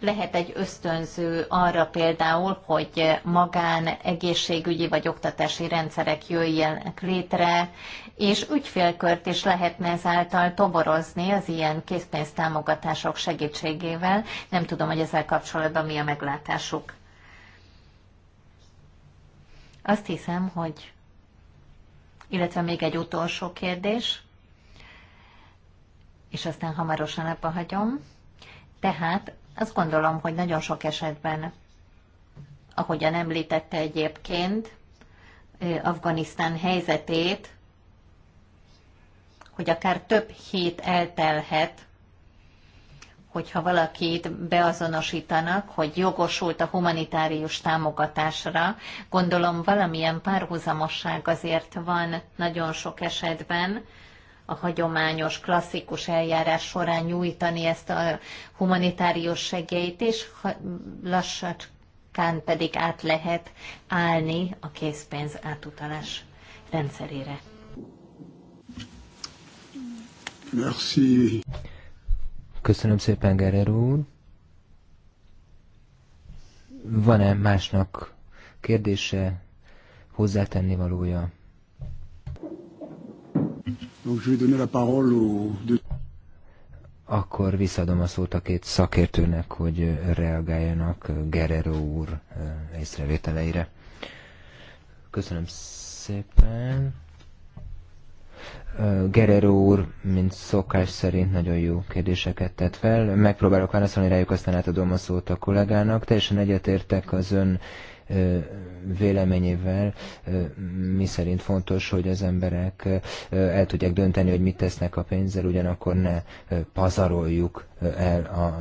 lehet egy ösztönző arra például, hogy magán egészségügyi vagy oktatási rendszerek jöjjenek létre, és ügyfélkört is lehetne ezáltal toborozni az ilyen készpénztámogatások segítségével. Nem tudom, hogy ezzel kapcsolatban mi a meglátásuk. Azt hiszem, hogy illetve még egy utolsó kérdés, és aztán hamarosan abba hagyom. Tehát azt gondolom, hogy nagyon sok esetben, ahogyan említette egyébként, Afganisztán helyzetét, hogy akár több hét eltelhet, hogyha valakit beazonosítanak, hogy jogosult a humanitárius támogatásra, gondolom valamilyen párhuzamosság azért van nagyon sok esetben a hagyományos, klasszikus eljárás során nyújtani ezt a humanitárius segélyt, és lassacskán pedig át lehet állni a készpénz átutalás rendszerére. Merci. Köszönöm szépen, Gerer úr. Van-e másnak kérdése, hozzátenni valója? Akkor visszadom a szót a két szakértőnek, hogy reagáljanak Gerero úr észrevételeire. Köszönöm szépen. Gerero úr, mint szokás szerint nagyon jó kérdéseket tett fel. Megpróbálok válaszolni rájuk, aztán átadom a szót a kollégának. Teljesen egyetértek az ön véleményével, mi szerint fontos, hogy az emberek el tudják dönteni, hogy mit tesznek a pénzzel, ugyanakkor ne pazaroljuk el a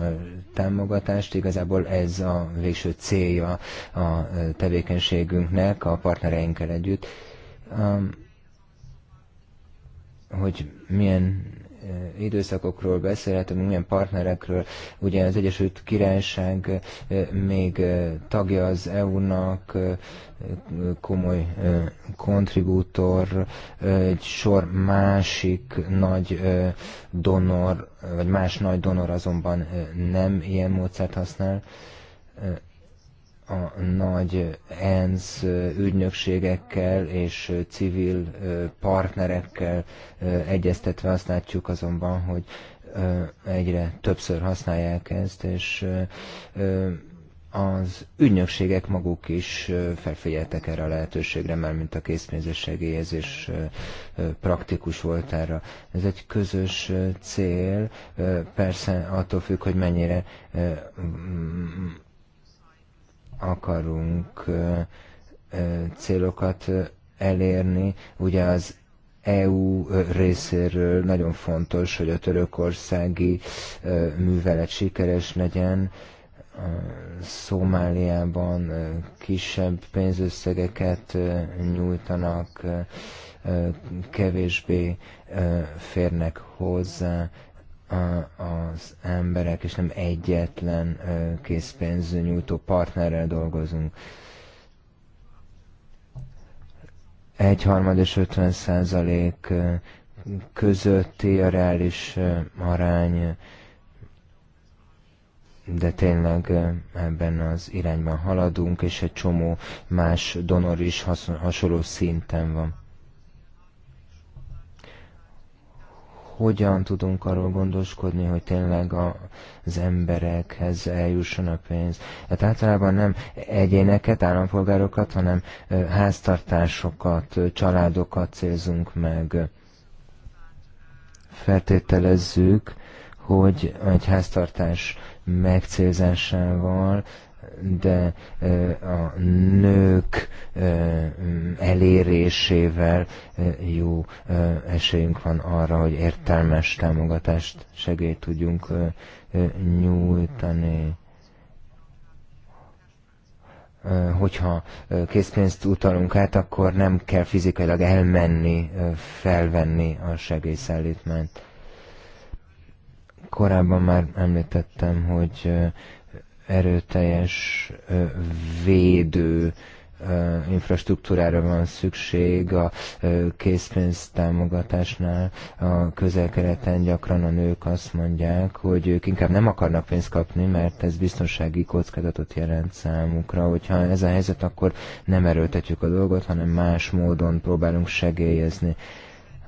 támogatást. Igazából ez a végső célja a tevékenységünknek, a partnereinkkel együtt hogy milyen Eh, időszakokról beszélhetünk, milyen partnerekről. Ugye az Egyesült Királyság eh, még eh, tagja az EU-nak, komoly kontribútor, egy sor másik nagy donor, vagy más nagy donor azonban nem ilyen módszert használ a nagy ENSZ ügynökségekkel és civil partnerekkel egyeztetve azt látjuk azonban, hogy egyre többször használják ezt, és az ügynökségek maguk is felfigyeltek erre a lehetőségre, mert mint a készpénzes segélyezés praktikus volt erre. Ez egy közös cél, persze attól függ, hogy mennyire akarunk célokat elérni, ugye az EU részéről nagyon fontos, hogy a törökországi művelet sikeres legyen. Szomáliában kisebb pénzösszegeket nyújtanak, kevésbé férnek hozzá az emberek, és nem egyetlen nyújtó partnerrel dolgozunk. Egyharmad és 50 százalék közötti a reális arány, de tényleg ebben az irányban haladunk, és egy csomó más donor is hasonló szinten van. hogyan tudunk arról gondoskodni, hogy tényleg a, az emberekhez eljusson a pénz. Hát általában nem egyéneket, állampolgárokat, hanem háztartásokat, családokat célzunk meg. Feltételezzük, hogy egy háztartás megcélzásával de a nők elérésével jó esélyünk van arra, hogy értelmes támogatást, segélyt tudjunk nyújtani hogyha készpénzt utalunk át, akkor nem kell fizikailag elmenni, felvenni a segélyszállítmányt. Korábban már említettem, hogy erőteljes védő infrastruktúrára van szükség a készpénz támogatásnál. A közelkereten gyakran a nők azt mondják, hogy ők inkább nem akarnak pénzt kapni, mert ez biztonsági kockázatot jelent számukra. Hogyha ez a helyzet, akkor nem erőltetjük a dolgot, hanem más módon próbálunk segélyezni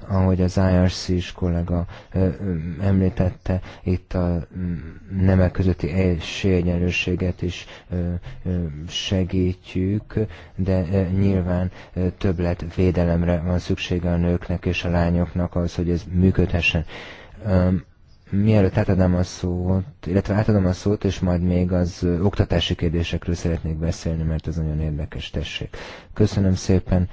ahogy az IRC is kollega említette, itt a mm, nemek közötti esélyegyenlőséget is segítjük, de nyilván többlet védelemre van szüksége a nőknek és a lányoknak ahhoz, hogy ez működhessen mielőtt átadom a szót, illetve átadom a szót, és majd még az oktatási kérdésekről szeretnék beszélni, mert ez nagyon érdekes, tessék. Köszönöm szépen,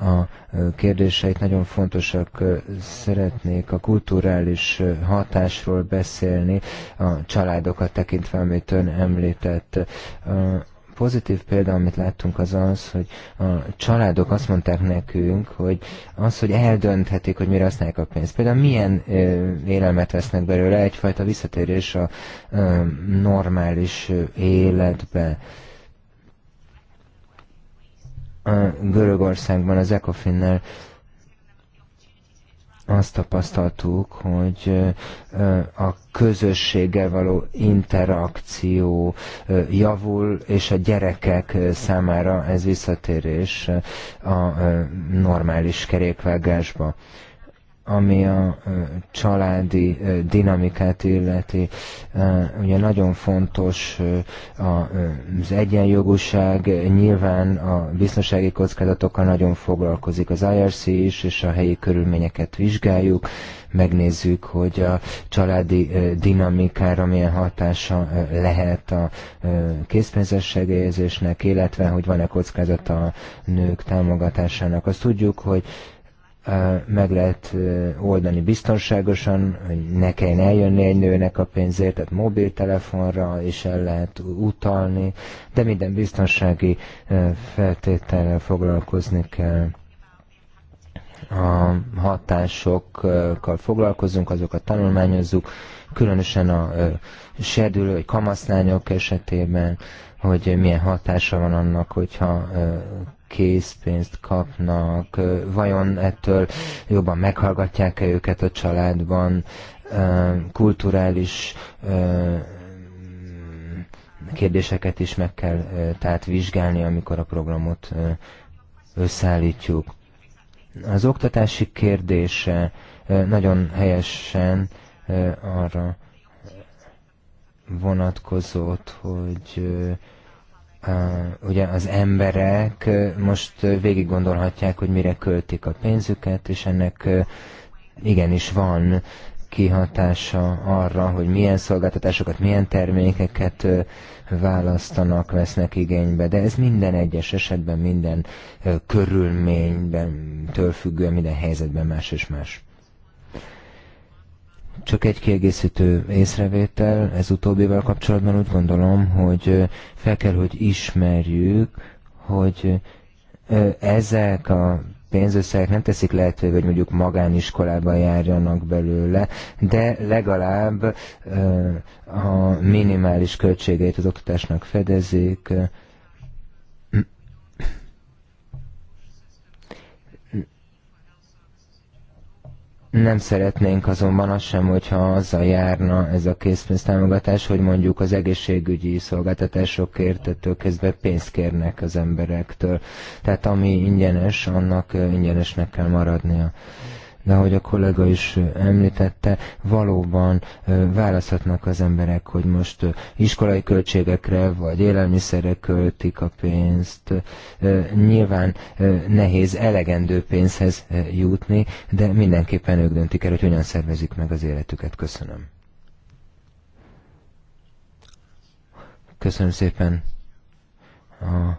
a kérdéseit, nagyon fontosak. Szeretnék a kulturális hatásról beszélni, a családokat tekintve, amit ön említett pozitív példa, amit láttunk, az az, hogy a családok azt mondták nekünk, hogy az, hogy eldönthetik, hogy mire használják a pénzt. Például milyen ö, élelmet vesznek belőle, egyfajta visszatérés a ö, normális életbe. Ö, Görögországban az ECOFIN-nel azt tapasztaltuk, hogy a közösséggel való interakció javul, és a gyerekek számára ez visszatérés a normális kerékvágásba ami a családi dinamikát illeti, ugye nagyon fontos az egyenjogúság, nyilván a biztonsági kockázatokkal nagyon foglalkozik az IRC is, és a helyi körülményeket vizsgáljuk, megnézzük, hogy a családi dinamikára milyen hatása lehet a készpénzes segélyezésnek, illetve hogy van-e kockázata a nők támogatásának. Azt tudjuk, hogy meg lehet oldani biztonságosan, hogy ne kelljen eljönni egy nőnek a pénzért, tehát mobiltelefonra is el lehet utalni, de minden biztonsági feltétellel foglalkozni kell. A hatásokkal foglalkozunk, azokat tanulmányozzuk, különösen a serdülő vagy kamaszlányok esetében, hogy milyen hatása van annak, hogyha készpénzt kapnak, vajon ettől jobban meghallgatják-e őket a családban, kulturális kérdéseket is meg kell tehát vizsgálni, amikor a programot összeállítjuk. Az oktatási kérdése nagyon helyesen arra vonatkozott, hogy ugye az emberek most végig gondolhatják, hogy mire költik a pénzüket, és ennek igenis van kihatása arra, hogy milyen szolgáltatásokat, milyen termékeket választanak, vesznek igénybe. De ez minden egyes esetben, minden körülményben, től függően, minden helyzetben más és más. Csak egy kiegészítő észrevétel, ez utóbbival kapcsolatban úgy gondolom, hogy fel kell, hogy ismerjük, hogy ezek a pénzösszegek nem teszik lehetővé, hogy mondjuk magániskolába járjanak belőle, de legalább a minimális költségeit az oktatásnak fedezik, Nem szeretnénk azonban azt sem, hogyha azzal járna ez a készpénztámogatás, hogy mondjuk az egészségügyi szolgáltatásokért kezdve pénzt kérnek az emberektől. Tehát ami ingyenes, annak ingyenesnek kell maradnia. Mm de ahogy a kollega is említette, valóban választhatnak az emberek, hogy most iskolai költségekre vagy élelmiszerre költik a pénzt. Nyilván nehéz elegendő pénzhez jutni, de mindenképpen ők döntik el, hogy hogyan szervezik meg az életüket. Köszönöm. Köszönöm szépen a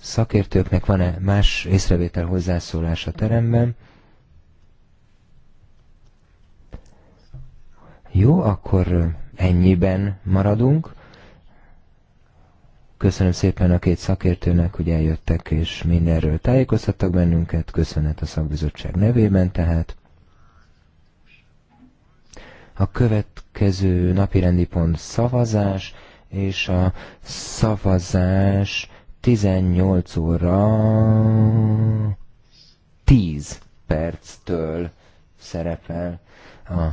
szakértőknek van-e más észrevétel hozzászólás a teremben? Jó, akkor ennyiben maradunk. Köszönöm szépen a két szakértőnek, hogy eljöttek és mindenről tájékoztattak bennünket. Köszönet a szakbizottság nevében tehát. A következő napirendi pont szavazás, és a szavazás 18 óra 10 perctől szerepel a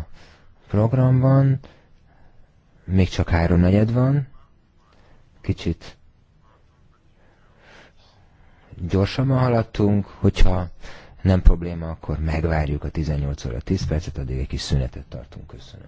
program van, még csak három negyed van, kicsit gyorsabban haladtunk, hogyha nem probléma, akkor megvárjuk a 18 óra 10 percet, addig egy kis szünetet tartunk. Köszönöm.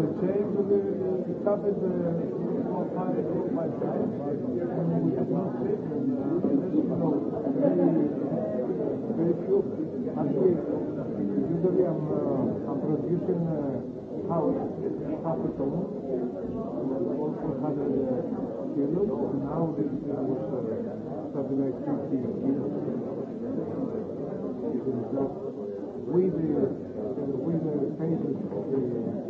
the change of the, we covered the four, five, four, five times, and we have not taken the additional ratio. Actually, usually I'm, uh, I'm producing uh, house half a ton, and also had a kilo, and now this uh, was uh, something like 50 kilos. It is just with the, with the phases of the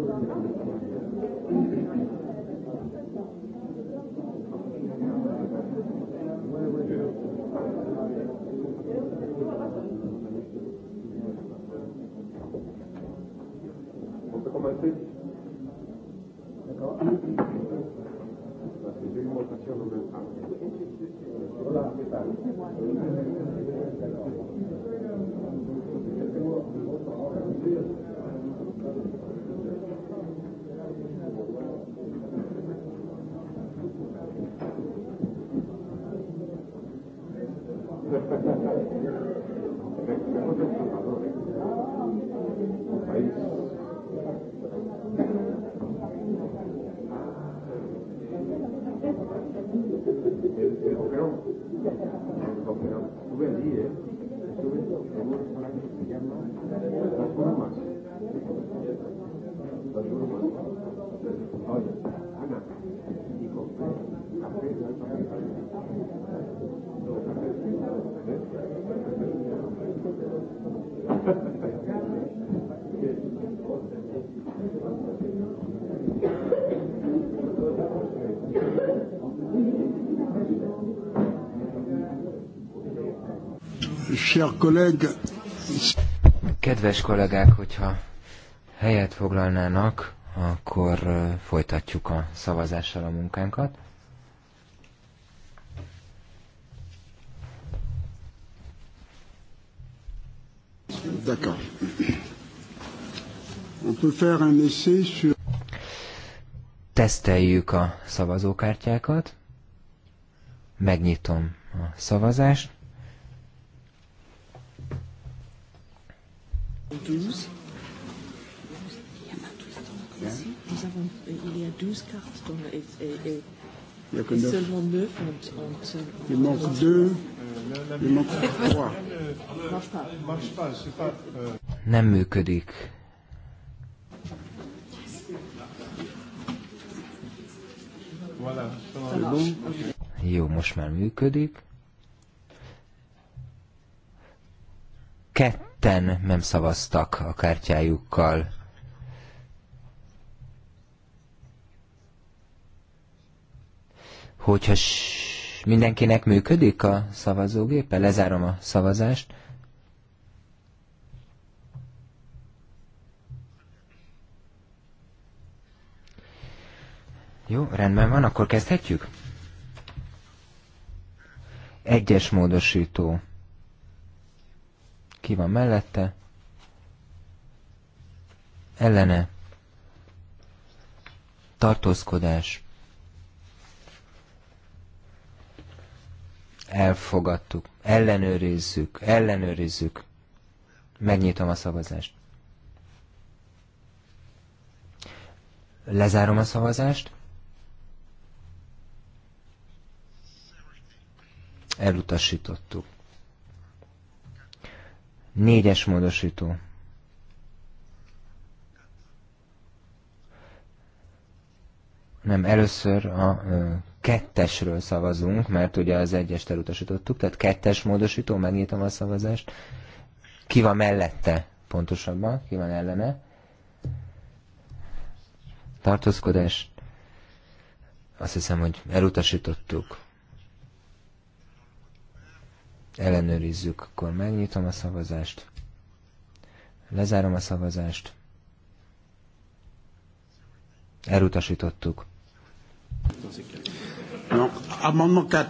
Kedves kollégák, hogyha helyet foglalnának, akkor folytatjuk a szavazással a munkánkat. D'accord. On peut faire un essai sur... Teszteljük a szavazókártyákat. Megnyitom a szavazást. 12. Nous avons, il y a 12 cartes dans, et, et, et Il n'y a que neuf. Seulement neuf. On, on, il manque deux. Euh, il manque trois. Nem működik. Jó, most már működik. Ketten nem szavaztak a kártyájukkal. hogyha mindenkinek működik a szavazógépe, lezárom a szavazást. Jó, rendben van, akkor kezdhetjük? Egyes módosító. Ki van mellette? Ellene. Tartózkodás elfogadtuk, ellenőrizzük, ellenőrizzük. Megnyitom a szavazást. Lezárom a szavazást. Elutasítottuk. Négyes módosító. Nem, először a kettesről szavazunk, mert ugye az egyest elutasítottuk, tehát kettes módosító, megnyitom a szavazást. Ki van mellette pontosabban, ki van ellene? Tartózkodás. Azt hiszem, hogy elutasítottuk. Ellenőrizzük, akkor megnyitom a szavazást. Lezárom a szavazást. Elutasítottuk amendement 4.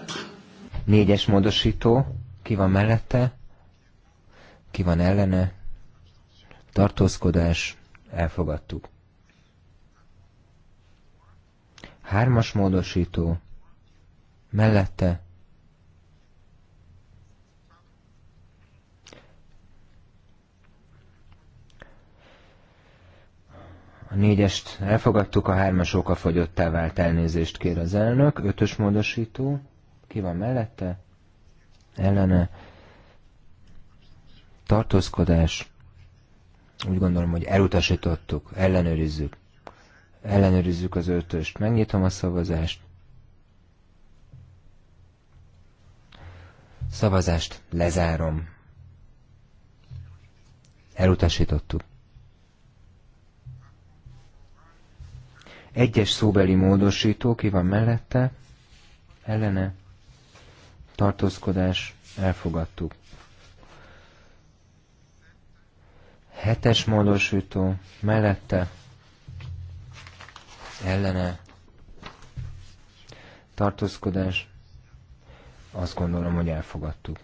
Négyes módosító. Ki van mellette? Ki van ellene? Tartózkodás. Elfogadtuk. Hármas módosító. Mellette A négyest elfogadtuk, a hármas oka fogyottá vált elnézést kér az elnök. Ötös módosító. Ki van mellette? Ellene. Tartózkodás. Úgy gondolom, hogy elutasítottuk. Ellenőrizzük. Ellenőrizzük az ötöst. Megnyitom a szavazást. Szavazást lezárom. Elutasítottuk. Egyes szóbeli módosító, ki van mellette, ellene, tartózkodás, elfogadtuk. Hetes módosító, mellette, ellene, tartózkodás, azt gondolom, hogy elfogadtuk.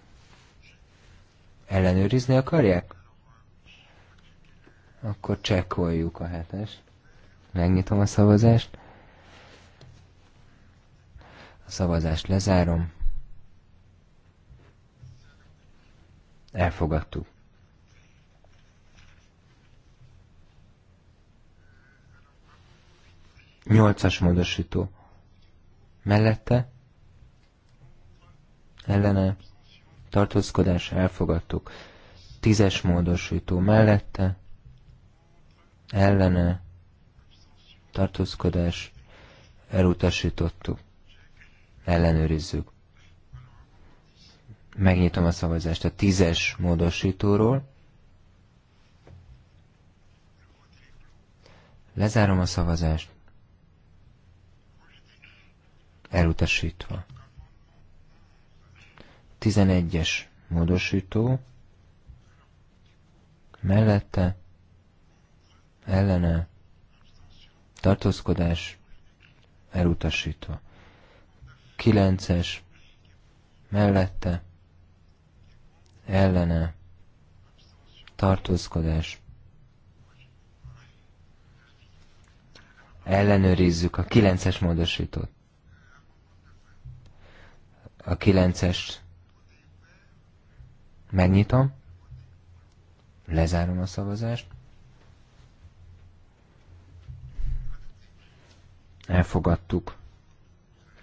Ellenőrizni akarják? Akkor csekkoljuk a hetes. Megnyitom a szavazást. A szavazást lezárom. Elfogadtuk. Nyolcas módosító. Mellette? Ellene? Tartózkodás? Elfogadtuk. Tízes módosító. Mellette? Ellene? tartózkodás, elutasítottuk, ellenőrizzük. Megnyitom a szavazást a tízes módosítóról. Lezárom a szavazást. Elutasítva. 11-es módosító. Mellette. Ellene tartózkodás elutasítva. 9-es mellette ellene tartózkodás ellenőrizzük a 9-es módosítót. A 9-est megnyitom, lezárom a szavazást, Elfogadtuk.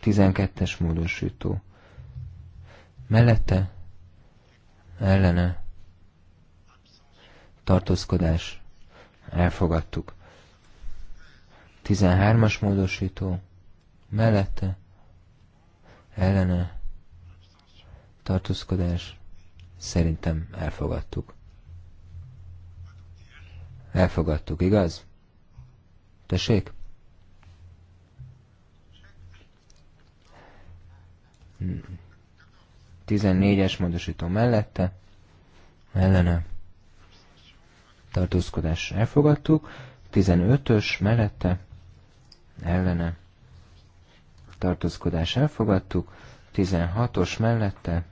12-es módosító. Mellette, ellene, tartózkodás, elfogadtuk. 13-as módosító, mellette, ellene, tartózkodás, szerintem elfogadtuk. Elfogadtuk, igaz? Tessék? 14-es módosító mellette, ellene tartózkodás elfogadtuk, 15-ös mellette, ellene tartózkodás elfogadtuk, 16-os mellette,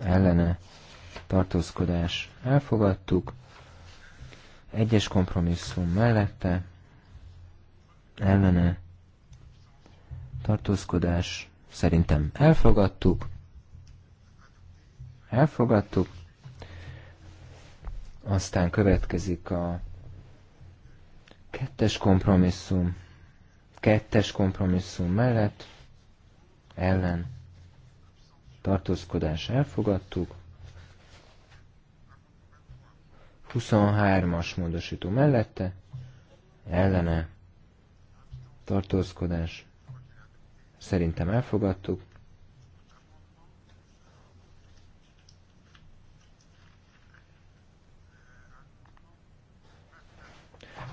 ellene tartózkodás elfogadtuk, egyes kompromisszum mellette, ellene tartózkodás Szerintem elfogadtuk. Elfogadtuk. Aztán következik a kettes kompromisszum. Kettes kompromisszum mellett ellen tartózkodás elfogadtuk. 23-as módosító mellette ellene tartózkodás Szerintem elfogadtuk.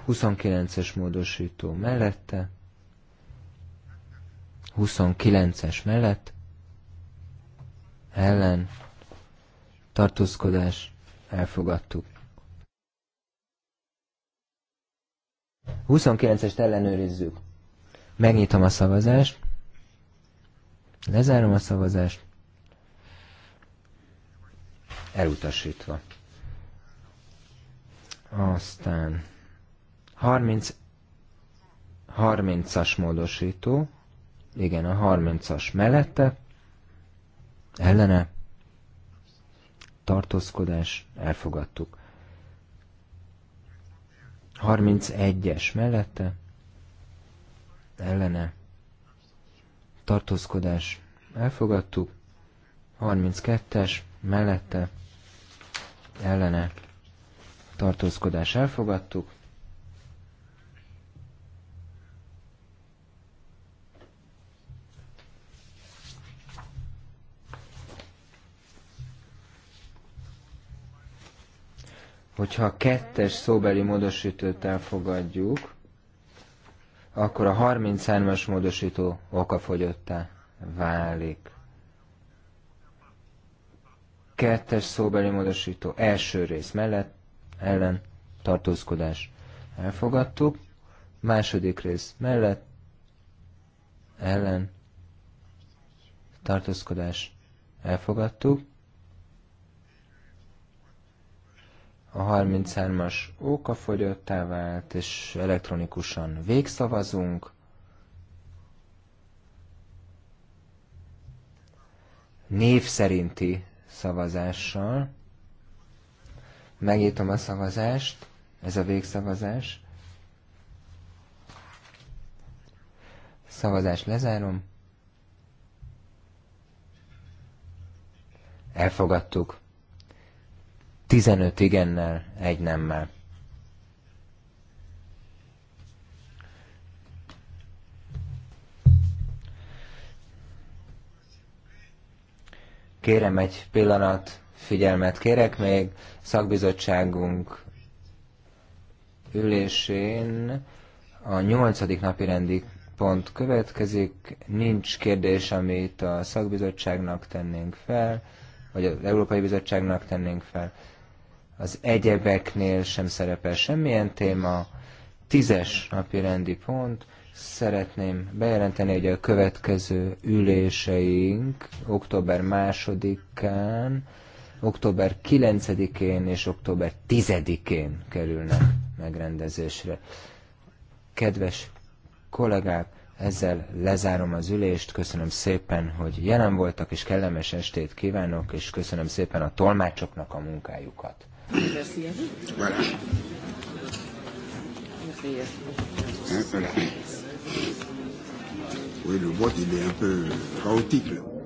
Huszonkilences módosító mellette. 29-es mellett ellen tartózkodás elfogadtuk. 29-est ellenőrizzük. Megnyitom a szavazást. Lezárom a szavazást. Elutasítva. Aztán 30 30-as módosító, igen, a 30-as mellette, ellene, tartózkodás, elfogadtuk. 31-es mellette, ellene, tartózkodás elfogadtuk, 32-es mellette ellene tartózkodás elfogadtuk, hogyha a kettes szóbeli módosítőt elfogadjuk, akkor a 30 as módosító okafogyottá válik. Kettes szóbeli módosító első rész mellett ellen tartózkodás elfogadtuk. Második rész mellett ellen tartózkodás elfogadtuk. a 33-as fogyottá vált, és elektronikusan végszavazunk. Név szerinti szavazással. Megnyitom a szavazást, ez a végszavazás. Szavazást lezárom. Elfogadtuk. 15 igennel, egy nemmel. Kérem egy pillanat, figyelmet kérek még, szakbizottságunk ülésén a nyolcadik napi rendi pont következik, nincs kérdés, amit a szakbizottságnak tennénk fel, vagy az Európai Bizottságnak tennénk fel az egyebeknél sem szerepel semmilyen téma. Tízes napi rendi pont. Szeretném bejelenteni, hogy a következő üléseink október másodikán, október 9-én és október 10-én kerülnek megrendezésre. Kedves kollégák, ezzel lezárom az ülést, köszönöm szépen, hogy jelen voltak, és kellemes estét kívánok, és köszönöm szépen a tolmácsoknak a munkájukat. Voilà. voilà. Oui, le vote, il est un peu chaotique. Là.